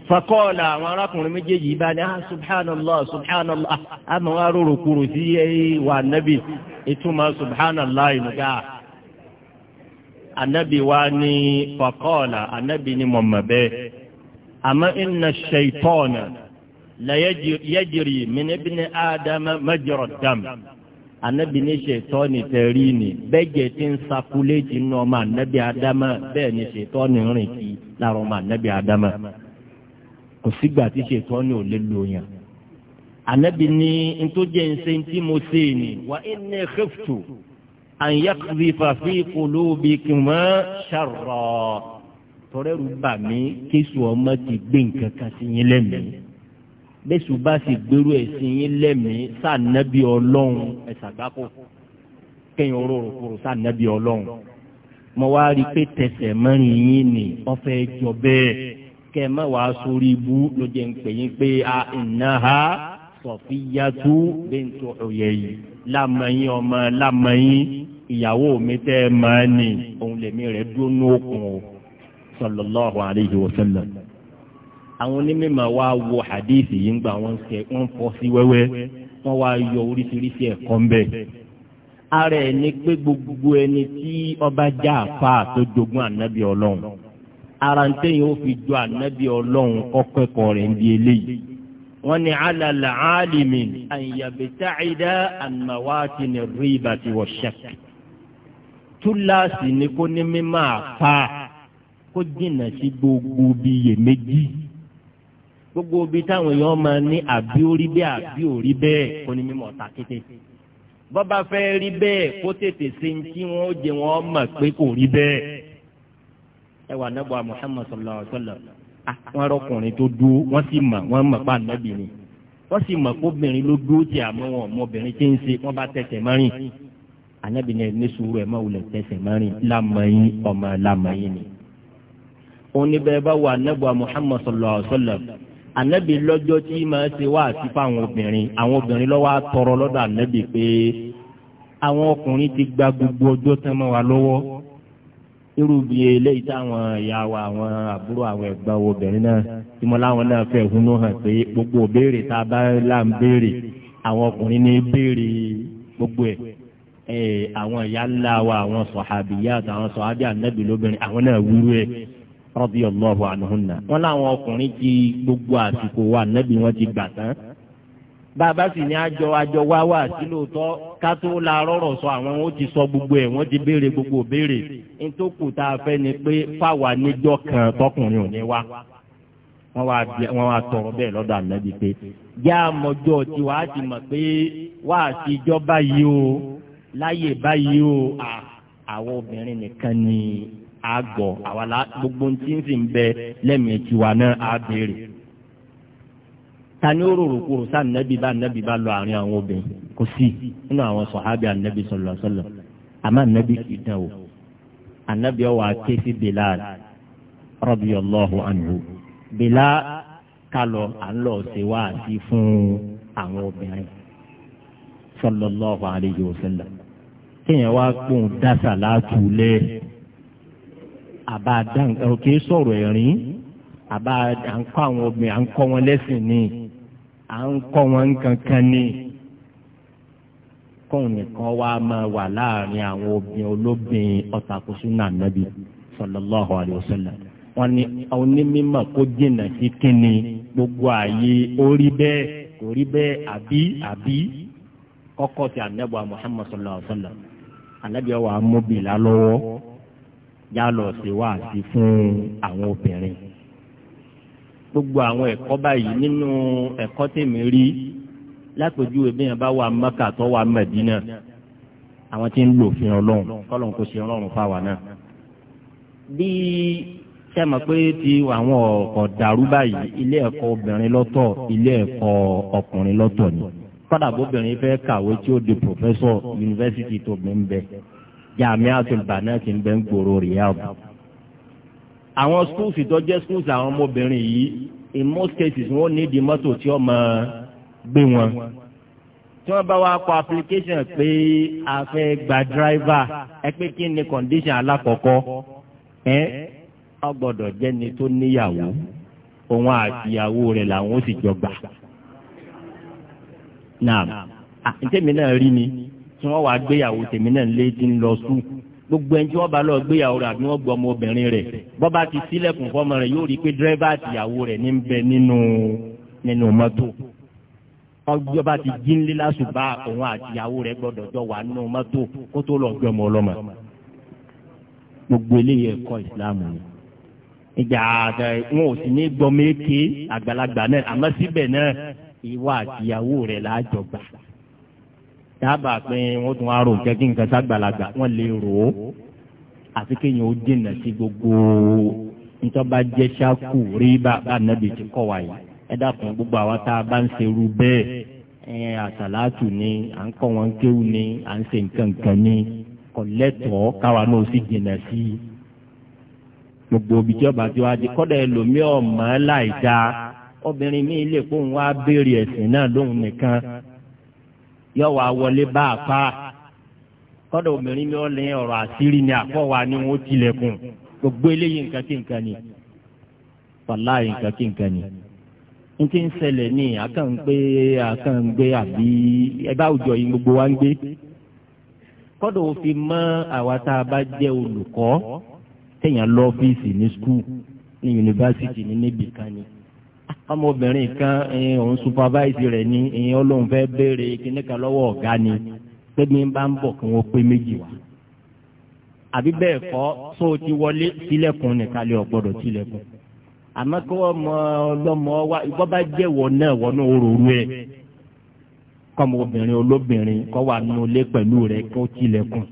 fakọ́ọ̀lá àwọn arákùnrin méjèèjì bá ní ah subhanallah subhanallah àmọ́ wá rorò kúrò sí wa ànábì ìtumọ̀ subhanallah ìnùgá. Ah. ànábì wa ní fakọ́ọ̀lá ànábì ní mọ̀mọ́ bẹ́ẹ̀ àmọ́ inna shaytana lẹ́yẹ́dìrì mìnibìnrin ádámà mẹ́jọ̀rọ̀ dàm anabi ní ṣètọ́ni tẹ̀rí ni bẹ́jẹ̀ tí ń sakuléjì nínú ọmọ anabi ádámà bẹ́ẹ̀ ni ṣètọ́ni rìn kí lára ọmọ anabi ádámà kò sígbà tí ṣètọ́ni ò lè lò yàn anabi ní ntọ́jẹ́ ńṣe tí mo ṣe ni wà á ní xeftu an yakzifa fi qulubikuma sharra tọrẹ́rù bà mí kí sùn ọmọ ti gbé nǹkan kan sí yín lẹ́mìí bẹ́sù bá sì gbèrú ẹ̀sìn yín lẹ́mìí sànẹ́bí ọlọ́run ẹ̀sàgbákò kẹ́yìn orórò kúrò sànẹ́bí ọlọ́run mo wá rí i pé tẹsẹ̀ mẹ́rin yín ni wọ́n fẹ́ jọ bẹ́ẹ̀ kẹ́ ẹ má wàá sórí ibú ló jẹ́ ń pè yín pé a ìnáha sọ̀fíyàtú bẹ́ńtò òye yìí lámẹ́yìn ọmọ lámẹ́yìn ìyàwó mi tẹ́ ẹ máa nì òun lèmi rẹ̀ dúró ní òkun o sallallahu alayhi wa àwọn onímọ̀ wa wo hadith yìí ń gba wọn ṣe wọn fọ́ sí wẹ́wẹ́ wọn wá yọ oríṣiríṣi ẹ̀kọ́ ń bẹ̀. ara ẹ̀ ni pé gbogbo ẹni tí ọba já àfa tó jogún ànábì ọlọ́run ara ń tẹ̀yìn ó fi jọ ànábì ọlọ́run kọ́kọ́ ẹ̀kọ́ rẹ̀ ń di eléyìí wọ́n ní alàlà áàlìmì àyàbẹ̀tàìdá àmàwáàtì ní rìbà ti wọ̀ ṣẹ́kì. túláàsì ni kó ní mímọ́ àfa kó jìnnà sí gbogbo bíi iyèméjì gbogbo ibi táwọn èèyàn máa ní àbí orí bẹ́ẹ̀ àbí òrí bẹ́ẹ̀ kò ní mímọ̀ ta kété bọ́ba fẹ́ rí bẹ́ẹ̀ kó tètè ṣe ń tí wọ́n jẹ wọ́n mọ̀ pé kò rí bẹ́ẹ̀ ẹ wà nẹ́bọ̀ Muhammad sallallahu alaihi wasallam wọ́n rọkùnrin tó dúró wọ́n sì mọ̀ wọ́n mọ̀ pa nẹ́bì ni wọ́n sì mọ̀ pé obìnrin ló dúró tí àmọ́ wọn ọmọbìnrin tí ń ṣe wọ́n bá tẹsẹ̀ mọ́rin ànẹ́bì ni ẹni sùúrù ẹ̀ máa wulẹ̀ tẹsẹ̀ mọ́rin lámọ̀yìn ọmọ lámọ̀yìn ni. òun ni bẹ́ẹ̀ bá wà nẹ́bọ̀ Muhammad sallallahu alaihi wasallam ànábì lọ́jọ́ tí máa ṣe wá àti fáwọn obìnrin àwọn obìnrin lọ́wọ́ àtọrọ lọ́dọ̀ ànábì pé àwọn ọkùnrin ti gba gbogbo ọjọ́ tán mọ́ wa lọ́wọ́ irú bí eléyìí táwọn ìyá wa àwọn àbúrò àwọn ẹ̀gbọ́n obìnrin náà tí mo láwọn náà fẹ́ ìhúnú hàn pé gbogbo òbéèrè tá a bá là ń béèrè àwọn ọkùnrin ní béèrè gbogbo ẹ̀ àwọn ìyá ńlá wa àwọn sọ̀hábìyà àtàwọn sọ̀hábìyà ànábì lóbìnrin àwọn náà wúrú ẹ̀ radiyallahu anhunna wọn làwọn ọkùnrin ti gbogbo àsìkò wa nẹ́bí wọn ti gbà tán bàbá sì ní àjọ àjọ wá wà sí lóòótọ́ ká tó la rọ̀rọ̀ sọ àwọn ó ti sọ gbogbo ẹ̀ wọ́n ti béèrè gbogbo béèrè nítòkù tá a fẹ́ ni pé fáwa níjọ́ kan tọkùnrin ò ní wá wọ́n wá bí wọ́n wá tọrọ bẹ́ẹ̀ lọ́dọ̀ ànábi pé yá àmọ́jọ́ tí wàá ti mọ̀ pé wà á ti jọ́ báyìí o láyè báyìí o àwọn obìnrin nìkan ni á gbọ́ àwa la gbogbo tí ń sì ń bẹ lẹ́mìí tiwa náà á béèrè. ta ni ó rorò kúrò sáà nẹ́bí bá nẹ́bí bá lọ àárín àwọn obìnrin kò sí nínú àwọn sọ̀hábì ànẹ́bí sọ̀lọ̀ àmọ́ ànẹ́bí kì í dán o ànẹ́bí ọwọ́ aké sí Bilal radiyallahu anhu Bilal kálọ̀ à ń lọ ṣe wá sí fún àwọn obìnrin sallallahu alayhi wa kéèyàn wá gbóhùn dásà látúlẹ̀ àbá dáǹkà òkè sọ̀rọ̀ ẹ̀rín àbá à ń kọ́ àwọn obìnrin à ń kọ́ wọn lẹ́sìn ni à ń kọ́ wọn kankan ni kóun nìkan wá máa wà láàrin àwọn obìnrin olóbìn ọ̀tàkùsù náà nàbí sallallahu alayhi wa sallam wọn ni onímọ̀ kó jìnnà sí kínni gbogbo ààyè orí bẹ́ẹ̀ kò rí bẹ́ẹ̀ àbí àbí kọ́kọ́ ti ànábọ̀ Muhammad sallallahu alayhi wa sallam ànábìyàwó amóbìnrin lálọ́wọ́ já lọ sí wá àti fún àwọn obìnrin gbogbo àwọn ẹ̀kọ́ báyìí nínú ẹ̀kọ́ tèmi rí lápèjúwe bí yẹn bá wà Mẹ́kà tó wà Mẹ́dínà àwọn tí ń lò fi ọlọ́run kọ́lọ́run kò ṣe ọlọ́run fáwa náà. bí sẹ́mọ̀ pé ti àwọn ọ̀kọ̀ dàrú báyìí ilé ẹ̀kọ́ obìnrin lọ́tọ̀ ilé ẹ̀kọ́ ọkùnrin lọ́tọ̀ ni kọ́dà bóbìnrin fẹ́ kàwé tí ó di pòfẹ́sọ̀ yunifásitì tó gbé ń bẹ́ẹ̀ jamiatul banati ń bẹ ń gbòòrò Riyadh. àwọn schools tó jẹ́ schools àwọn ọmọbìnrin yìí in most cases wọ́n ní di mọ́tò tí ó máa gbé wọn. tí wọ́n bá wá kọ application pé a fẹ́ gba driver ẹ pé kí ni condition alákọ̀ọ́kọ́ ẹ ọ gbọ́dọ̀ jẹ́ni tó níyàwó òun àtìyàwó rẹ̀ làwọn ó sì jọ gbà. naam àtẹ̀mí náà rí ni tí wọ́n wàá gbéyàwó tèmi náà lé ti ń lọ sùn gbogbo ẹni tí wọ́n bá lọ gbéyàwó rẹ̀ àbí wọ́n gbọ́ ọmọbìnrin rẹ̀ bọ́ba ti sílẹ̀kùn fọ́mọ rẹ̀ yóò rí i pé dírẹ́fà àtìyàwó rẹ̀ ní bẹ nínú nínú mọ́tò ọjọba ti jínlé lásùbà òun àtìyàwó rẹ̀ gbọ́dọ̀ jọ wà nínú mọ́tò kó tó lọ gbé ọmọ ọlọ́mọ gbogbo eléyìí ẹ̀kọ́ ìsìláàmù ni ìjà àgbà wọn ò sì ní gbọmọ èké àgbàlagbà náà àmọ́ síbẹ̀ náà ìwà àtìyàwó rẹ̀ láàjọgbà dábàá pé wọ́n tún arò kẹ́kí nǹkan ságbàlagbà wọ́n lè rò ó àti kéèyàn ó dènà sí gbogbo ntọ́ba jẹ́ ṣáàkù rí bàbá nàbì tí kọ̀ wáyé ẹ dákun gbogbo àwa tá a bá ń serú bẹ́ẹ̀ ẹ àsàlátù ni à ń kọ́ wọn kéwù ni à ń ṣe nǹkan nǹkan ni kọ̀lẹ́tọ̀ọ́ káwa náà sì dènà sí i gbogbo ibi tí ọba tí wàá di kọ́dà ẹlòmíọ̀ mọ́ láì dáa obìnrin mi lè kó òun wá béèrè ẹ̀sìn náà lóhun nìkan yọ wá wọlé bá a pa kọ́dọ̀ obìnrin mi ò lè ọ̀rọ̀ àṣírí ni àpọ̀ wa ni wọ́n tilẹ̀kùn gbogbo eléyìí nǹkan kí nǹkan ni wàláyé nǹkan kí nǹkan ni n ti ń ṣẹlẹ̀ ní àkàǹgbé gbogbo wa ń gbé kọ́dọ̀ òfin mọ́ àwa tá a bá jẹ́ olùkọ́ téèyàn ọmọbìnrin kan eh, òun supervise rẹ̀ ní ìyẹn olóhùn fẹ́ béèrè kíní kan lọ́wọ́ ọ̀gá ni pé mi bá ń bọ̀ kí wọ́n pé méjì wá. àbí bẹ́ẹ̀ kọ́ tó o ti wọlé sílẹ̀kùn nìkan lè ọ̀gbọ́dọ̀ sílẹ̀kùn. àmọ́ kí wọ́n mọ ọlọ́mọ wa ìbọn bá jẹ́ wọ náà wọnú òróró ẹ̀ kọ́mọbìnrin olóbìnrin kọ́ wà nulẹ̀ pẹ̀lú rẹ̀ kó tilẹ̀kùn.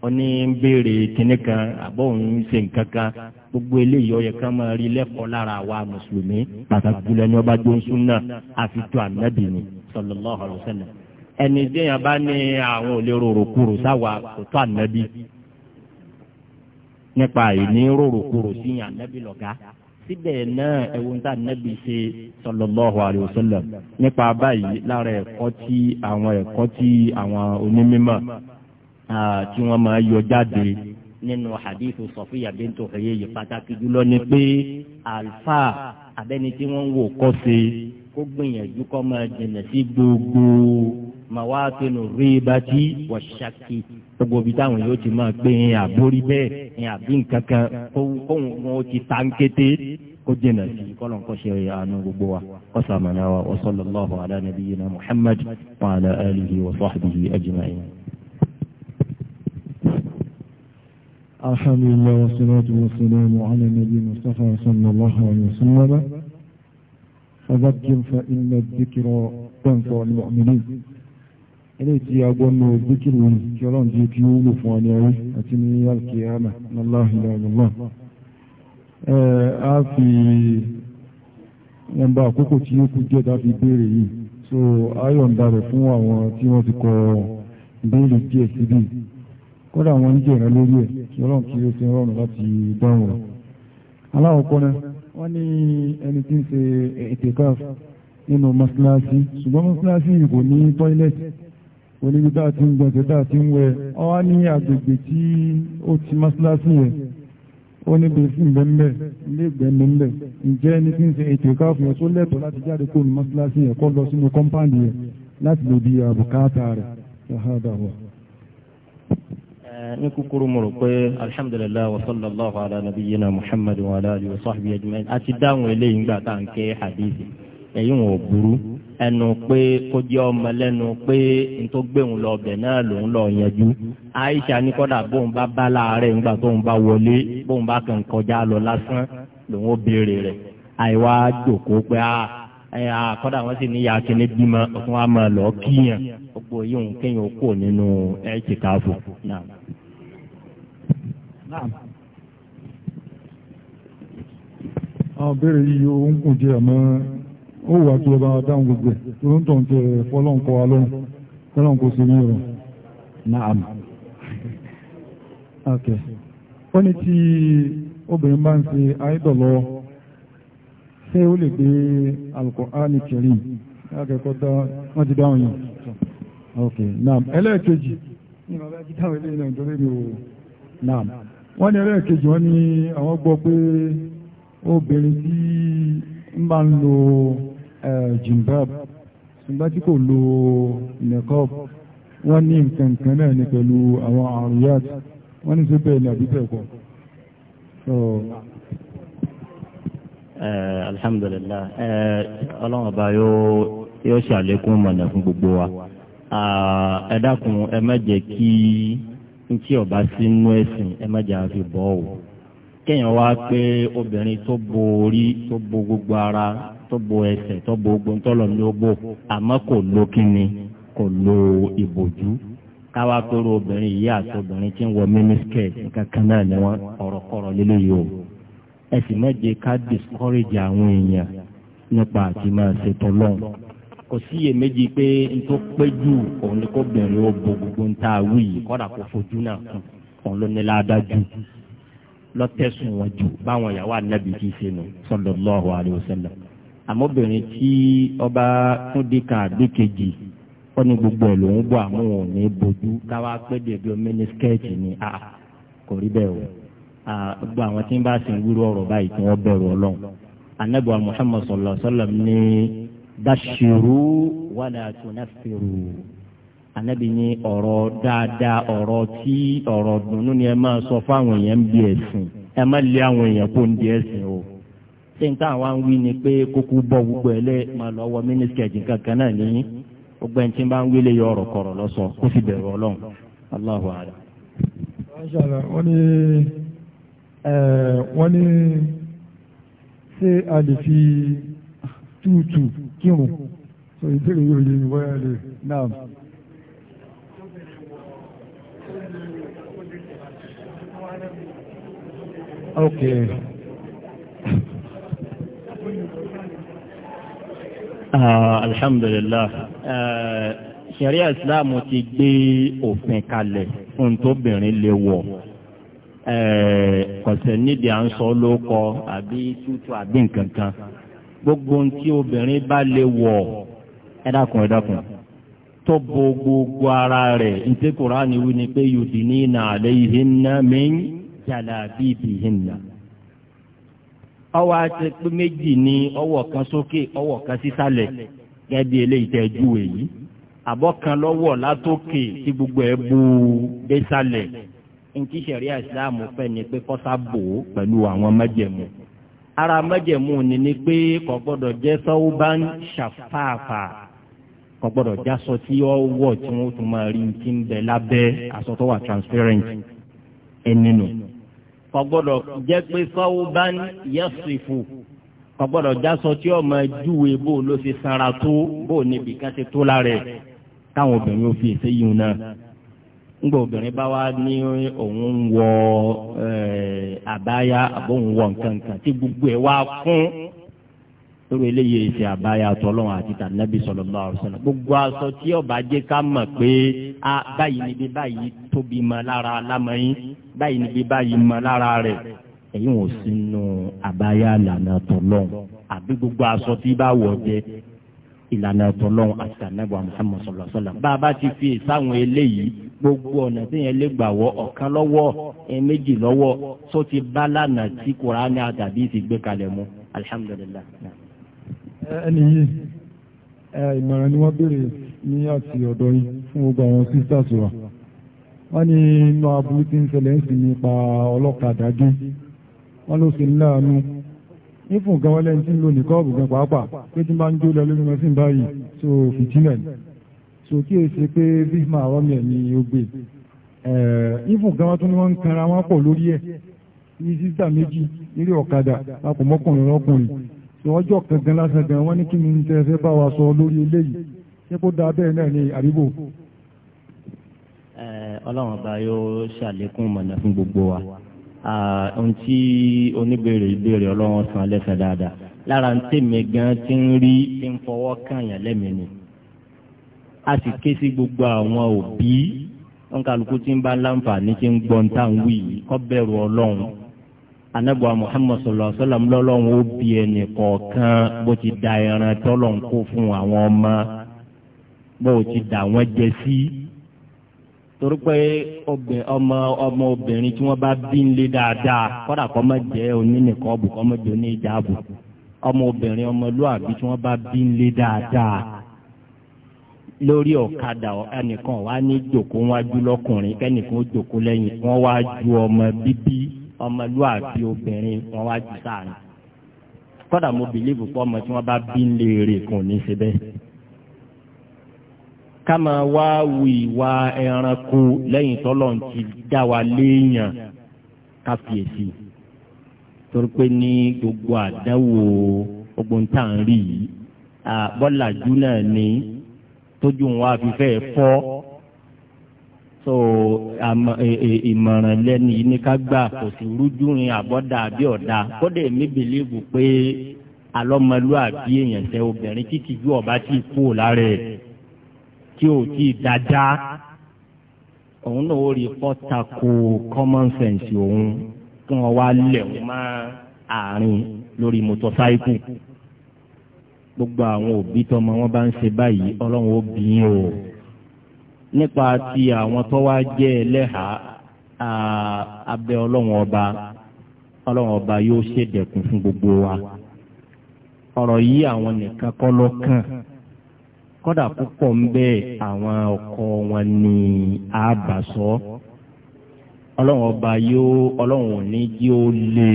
wọ́n ní ń béèrè kíní kan àbọ̀ òun ṣe nǹkan kan gbogbo eléyìí ọyẹ ká máa rí lẹ́kọ̀ọ́ lára àwa mùsùlùmí pàtàkì jùlọ ẹni ọba jó ń sún náà àfitọ́ ànábì ni sallallahu alaihi wasallam ẹni déyàn bá ní àwọn ò lè rorokoro sáwa kò tó ànábì nípa ìní rorokoro sí yàn ànábì lọ́gá síbẹ̀ náà ẹ̀wọ̀n tá ànábì ṣe sallallahu alaihi wasallam nípa báyìí lára ẹ̀kọ́ tí àwọn ẹ̀kọ́ tí àwọn onímọ̀ tí wọ́n máa yọ jáde nínú hadithu sọfíya bintu Huyayy pàtàkì jùlọ ni pé alfa abẹ́ni tí wọ́n ń wò kọ́ sí kó gbìyànjú kọ́ máa jìnà sí gbogbo màwáàtínú ríbàtí wọ̀ṣákì gbogbo ibi táwọn yóò ti máa gbé yín àbórí bẹ́ẹ̀ yín àbí nǹkan kan kóhùn wọn ó ti ta ń kété kó jìnà sí kọ́lọ̀ ń kọ́ṣe àánú gbogbo wa ọ̀sàmàlà wa wa sallallahu ala nabiyyina Muhammad wa ala alihi wa sahbihi الحمد لله والصلاة والسلام على النبي المصطفى صلى الله عليه وسلم فذكر فإن الذكر تنفع المؤمنين eléyìí tí a gbọ́ nù zikiru kí ọlọ́run ti kí wúlò fún ọ ní ayé àti ní a fi ẹmbà àkókò tí ó kú jẹ́ tàbí béèrè yìí so fún àwọn tí ti kọ béèrè síbí kódà ń kí ọlọ́run kí ó ti rọrùn láti dánwò. aláwọ̀ kọ́nà wọ́n ní ẹni tí ń ṣe ètèkáf nínú mọ́ṣáláṣí ṣùgbọ́n mọ́ṣáláṣí yìí kò ní tọ́ílẹ̀tì oníbi tá a ti ń gbọ̀nsẹ̀ tá a ti ń wẹ̀ ọ́ wá ní agbègbè tí ó ti mọ́ṣáláṣí yẹn ó ní bèsì ńbẹ́ńbẹ́ ilé ìgbẹ́ńbẹ́ńbẹ́ ǹjẹ́ ẹni tí ń ṣe ètèkáf yẹn tó lẹ́tọ̀ọ́ láti jáde kó ní mọ́ṣáláṣí yẹn kó lọ sínú kọ́ńpáàndì yẹn láti lè di àbùkátà rẹ̀ ṣahádà wọ̀. ní kúkúrú mo rò pé alhamdulilayi wa sallallahu ala nabiyyina muhammadu wa alayhi wa sahbihi ajma'in a ti dáhùn eléyìí gbà tá à ń ké hadith èyí wọn burú ẹnu pé kó ọmọ lẹ́nu pé nítorí lọ aisha ní kọ́dà bóun bá bá láàárẹ̀ ńgbà tóun bá wọlé bóun bá kàn kọjá lọ lásán lòun ó béèrè a. Ah, àkọ́dà wọn sì ní ya kíní bímọ òtún wa máa lọ kíyàn gbogbo yìí òun kéyàn ó nínú ẹ̀ẹ́tì káfù. àwọn béèrè yìí ó ń kùn díẹ̀ mọ́ ó wà dáhùn gbogbo ẹ̀ tó ń tàn ok ṣé ó lè gbé Al-Qur'ani Karim lákẹ́kọ̀ọ́ tó wọ́n ti dáhùn yìí ok naam ẹlẹ́ẹ̀kejì naam wọ́n ní ẹlẹ́ẹ̀kejì wọ́n ní àwọn gbọ́ pé obìnrin tí ń bá ń lo jimbab ṣùgbọ́n tí kò lo nìkọ́b wọ́n ní nǹkan kan náà ní pẹ̀lú àwọn àrùyàt wọ́n ní sí bẹ́ẹ̀ ní àbí kọ́ Eh, alhamdulillah eh, ọlọ́run ọba yóò ṣàlékún mọ̀nà fún gbogbo wa ẹ ẹ má jẹ́ kí ntí ọba sí nú ẹ̀sìn ẹ má àfi bọ́ o kéèyàn wá pé obìnrin tó bo orí tó bo gbogbo ara tó bo ẹsẹ̀ tó bo gbogbo ní àmọ́ kò lo kíni kò lo ìbòjú káwá obìnrin yìí obìnrin tí wọ nǹkan kan náà ni wọ́n ọ̀rọ̀kọ̀rọ̀ lélẹ́yìí ẹ sì má jẹ́ ká discourage àwọn èèyàn nípa àti máa ṣètò lọ́hùn kò síyèméjì pé n tó pé jù òun ni kò bẹ̀rẹ̀ ó bo gbogbo ń ta àwí yìí kọ́dà kò fojú náà kù òun ló ní ládájú lọ́tẹ̀sùn wọn jù báwọn ìyàwó ànábì kì í ṣe nù sallallahu alaihi wasallam àmọ́bìnrin tí ọba kúndínkà àdékejì ó ní gbogbo ẹ̀ lòún bọ̀ àmọ́ ní bojú káwá pé dèbí omi ní skẹ́ẹ̀tì ni a kò rí bẹ́ẹ̀ o gbogbo àwọn tí ń bá sin wúrú ọ̀rọ̀ báyìí tí wọ́n bẹ̀rù ọlọ́run anabi wa muhammad sallallahu alaihi wa sallam ní bashiru wala tunafiru anabi ní ọ̀rọ̀ dáadáa ọ̀rọ̀ tí ọ̀rọ̀ dùnú ni ẹ máa sọ fáwọn èèyàn ń bí ẹ̀sìn ẹ má lé àwọn èèyàn kó ń di ẹ̀sìn o ṣé n táwọn wá ń wí ni pé kókó bọ́ gbogbo ẹ̀ lẹ́ máa lọ wọ mínísítẹ̀ẹ̀tì kankan náà ní gbogbo ẹni tí ń bá ń wílé yọ ọ̀rọ̀ kọ̀rọ̀ lọ́sọ̀ kó fi bẹ̀rù ọlọ́run aláhùn àdá wọ́n ní ṣé a lè fi túùtù kírun so ìbéèrè yóò yé mi wáyà náà. ok. Uh, alhamdulillah uh, sharia islam ti gbé òfin kalẹ̀ fún tóbìnrin lè wọ̀. Eh, kọ̀sẹ̀ nídìí à ń sọ ló kọ àbí tútù àbí nkankan gbogbo tí obìnrin bá lè wọ̀ ẹ dákun gbogbo ara rẹ̀ ntẹ́ kuraani wí ni pé yudinina alayhinna min jalabibihinna ọwọ́ àti pé méjì ni ọwọ́ kan sókè ọwọ́ kan sísàlẹ̀ gẹ́gẹ́ bí eléyìí èyí àbọ̀ kan lọ́wọ́ látòkè tí gbogbo ẹ̀ bu ntí sẹ̀ríà ìsìláàmù fẹ́ ni pé kọ́sá bò ó pẹ̀lú àwọn májẹ̀mú ara májẹ̀mú ni ni pé kò gbọ́dọ̀ jẹ́ sọ́wọ́bán ṣàfààfà kò gbọ́dọ̀ já sọ tí ó wọ̀ tí wọ́n tún máa rí ti ń bẹ lábẹ́ aṣọ tó wà transparent ẹni nù kò gbọ́dọ̀ jẹ́ pé sọ́wọ́bán yẹ́sìfù kò gbọ́dọ̀ já sọ tí ó máa júwe bó ló ṣe sanra tó bó níbi kan ṣe tó lára ẹ̀ táwọn obìnrin ò fi èsè yìí náà ngbọ obìnrin bá wá ní òun wọ àbáyá àbóhùn wọ nkankan tí gbogbo ẹ wá fún lórí eléyìí èsì àbáyá tọlọ́run àti tànàbí sallallahu alaihi wasallam gbogbo aṣọ tí ọba jẹ ká mọ̀ pé a báyìí níbi báyìí tóbi mọ lára lámọyìn báyìí níbi báyìí mọ lára rẹ èyí ò sínú àbáyá lànà tọlọ́run àbí gbogbo aṣọ tí bá wọ jẹ ìlànà ọ̀tọ̀lọ́hún àti ànágbà Muhammad sallallahu alaihi wasallam. bá a bá ti fi sáwọn eléyìí gbogbo ọ̀nà tí yẹn lè gbà wọ ọ̀kan lọ́wọ́ ẹ̀ méjì lọ́wọ́ tó ti bá lànà tí kùránì àtàbí ti gbé kalẹ̀ mu alhamdulillah. ẹni yìí ìmọ̀ràn ni wọ́n béèrè ní àti ọ̀dọ̀ yìí fún gbogbo àwọn sisters wa wọ́n ní inú aburú tí ń ṣẹlẹ̀ ń sì nípa ọlọ́kadà gé wọ́n ló ṣe ńláàánú ìfún gan wọlé tí ń lo nìkọ́ọ̀bù gan pàápàá pé tí máa ń jó lọ lórí báyìí so fìtílẹ̀ so kí o ṣe pé bíhìmá àwọ́mì ẹ̀ ni ó gbé ìfún gan wọn tún ni wọ́n ń kanra wọn pọ̀ lórí ẹ̀ ní sísà méjì eré ọ̀kadà papọ̀ mọ́kùnrin lọ́kùnrin so ọjọ́ kankan lásán gan wọ́n ní kí ni tẹ́ fẹ́ bá wa sọ lórí eléyìí ṣé kó dáa bẹ́ẹ̀ náà ní àdúgbò. ọlọ́run ọba yóò ṣàlékún mọ̀nà fún gbogbo wa ohun tí oníbèrè ìbéèrè ọlọ́wọ́n san lẹ́sẹ̀ dáadáa lára ń tèmi gan ti ń rí ti ń fọwọ́ kàyàn lẹ́mìí ni a sì ké sí gbogbo àwọn òbí wọn kàlùkù tí ń bá láǹfààní tí ń gbọ́n tá à ń wí yìí ọlọ́run anabuwa muhammad sallallahu alaihi wa sallam lọ́lọ́run ó bi ẹnì kọ̀ọ̀kan bó ti da ẹran tọ́lọ̀ ń kó fún àwọn ọmọ bó ti dà wọ́n jẹ sí. Si torí pé ọmọ ọmọ obìnrin tí wọ́n bá bí ń lé dáadáa kọ́dà kọ́ mọ̀ jẹ́ onínìkan ọ̀bù kọ́ mọ̀ jẹ́ oníjàbù ọmọ obìnrin ọmọlúwàbí tí wọ́n bá bí ń lé dáadáa lórí ọ̀kadà ẹnìkan wá ní jòkó wájú lọ́kùnrin kẹ́nìkan ó jòkó lẹ́yìn wọ́n wá ju ọmọ bíbí ọmọlúwàbí obìnrin wọ́n wá ju sáà kọ́dà mo bìlíìfù pé ọmọ tí wọ́n bá bí ń lé rè kùn ní síbẹ̀. Kama máa wá wu ìwà ẹranko lẹ́yìn tọ́lọ̀ ń ti dá wa léèyàn ká torí pé ní gbogbo àdánwò ogun tá à ń rí yìí bọ́làjú náà ni tójú wọn àfi fẹ́ fọ́ so ìmọ̀ràn lẹ́nu yìí ní ká gbà kò sí rújú rin àbọ̀dà àbí ọ̀dà kódà èmi bìlíìbù pé alọ́mọlúàbí èèyàn tẹ obìnrin títí ju ọba tí kú lára ẹ̀ tí ò tí ì dáadáa òun náà ó rí pọ́tàkù common sense òun kí wọ́n wá lẹ̀ wọ́n má àárín lórí mọ́tọ́sáìkù gbogbo àwọn òbí tọmọ wọn bá ń ṣe báyìí ọlọ́run ó bí yín o nípa ti àwọn tó wá jẹ́ ẹlẹ́hàá abẹ ọlọ́run ọba ọlọ́run ọba yóò ṣèdẹ̀kùn fún gbogbo wa ọ̀rọ̀ yìí àwọn nìkan kọ́ ló kọ́dà púpọ̀ ń bẹ àwọn ọkọ wọn ní àbàsọ́ ọlọ́run ọba yóò ọlọ́run ò ní jí ó lé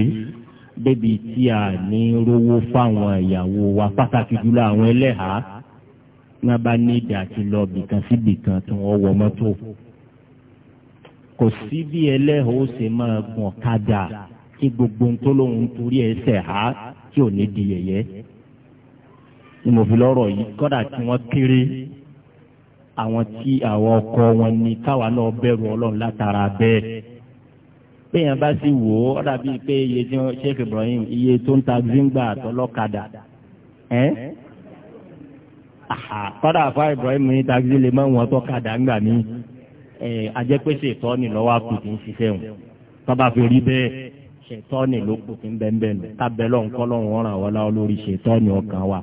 débi tí a ní rówó fáwọn ìyàwó wa pàtàkì jùlọ àwọn ẹlẹ́hàá wọn bá ní ìdí àti lọ bìkan sí bìkan tí wọ́n wọ mọ́tò kò sí bí ẹlẹ́hàá ó ṣe máa gùn ọ̀kadà kí gbogbo ń tó lóun torí ẹsẹ̀ há tí ò ní di yẹ̀yẹ́ ni mo fi lọ́rọ̀ yìí kọ́dà tí wọ́n kéré àwọn tí àwọn ọkọ wọn ni káwa náà bẹ̀rù ọlọ́run látara bẹ́ẹ̀ péyàn bá sì wò ó ọ̀dà bíi pé iye tí wọ́n Sheikh Ibrahim iye tó ń ta zimba àtọlọ́kadà ẹ́ kọ́dà àfa Ibrahim ní taxi lè má wọn tọ́kadà ńgbà mí ẹ̀ ajẹ́pẹ́sẹ̀ tọ́ni lọ́wọ́ àkùtì ń ṣiṣẹ́ wọn tọ́ba fi rí bẹ́ẹ̀ ṣètọ́ni ló kù fún bẹ́ẹ̀ bẹ́ẹ̀ nù tábẹ́lọ́ ńkọ́ lọ́wọ́ ràn wọ́n láwọn lórí ṣètọ́ni ọkàn wa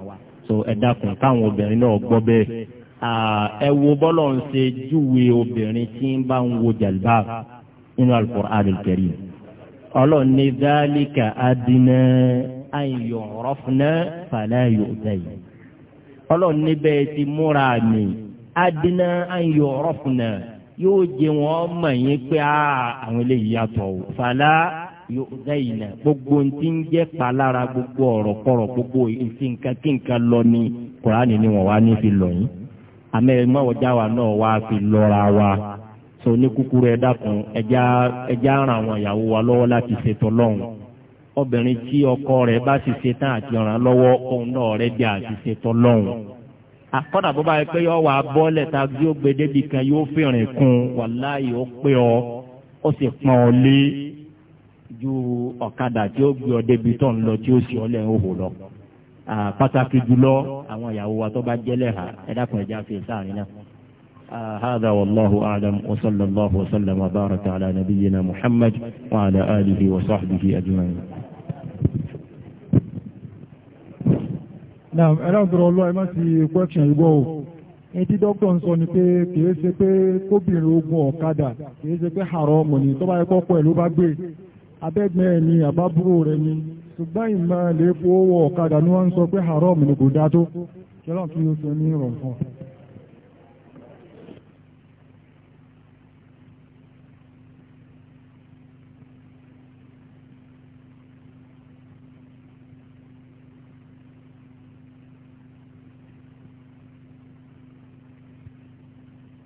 so ẹ dákun káwọn obìnrin náà gbọ́ bẹ́ẹ̀ ẹ wo bọ́lọ̀ ń ṣe júwe obìnrin tí ń bá ń wo jàlbá nínú al-Qur'an al-Karim ọlọ́ọ̀ni dhalika adina ayọ̀ rọ́fúnà fala ọlọ́ọ̀ni bẹ́ẹ̀ ti múra mi adina ayọ̀ rọ́fúnà yóò jẹ wọn mọ̀ yín pé àwọn eléyìí yàtọ̀ fàlà yọ̀dẹ́yìnà gbogbo ntí ń jẹ́ palára gbogbo ọ̀rọ̀ kọ̀rọ̀ gbogbo ìsì nǹkan kí nǹkan lọ ní kùránì ni wọ́n wá ní fi lọ yín àmẹ́rẹ́ wa náà wá fi lọ́ra wa so ní kúkúrú ẹ dákun ẹja ara àwọn ìyàwó wa lọ́wọ́ láti ṣètò lọ́hùn obìnrin tí ọkọ rẹ̀ bá sì ṣe tán àti ọ̀ràn lọ́wọ́ òun náà rẹ̀ bí àti ṣètò lọ́hùn akọ́dà bó bá yẹ pé yọ wà bọ́ọ̀lẹ̀ ta bí ó gbé débi kan yóò fìrìn kún wàláyé ó pé ọ ó sì pọ́n ọ lé ju ọ̀kadà tí ó gbé ọ débi tó ń lọ tí ó sì ọ òhò lọ. pàtàkì jùlọ àwọn ìyàwó wa tó bá jẹ́lẹ̀ ha ẹ dákun ẹja fi sáàrin náà. هذا والله أعلم وصلى الله وسلم وبارك على نبينا محمد وعلى آله وصحبه أجمعين Now, ẹ̀rọ̀dọ̀rọ̀ ọlọ́ ẹ má ti question ìgbọ́ o. Ní tí dókítà ń sọ ni pé kìí ṣe pé kóbìnrin ogun ọ̀kadà kìí ṣe pé haram ni tó bá yẹ bá gbé abẹ́gbẹ́ ẹ̀ ni àbábúrò rẹ̀ ni ṣùgbọ́n ìmọ̀ lè fowó ọ̀kadà ni wọ́n ń sọ pé haram ni kò dá tó kí ó sọ ní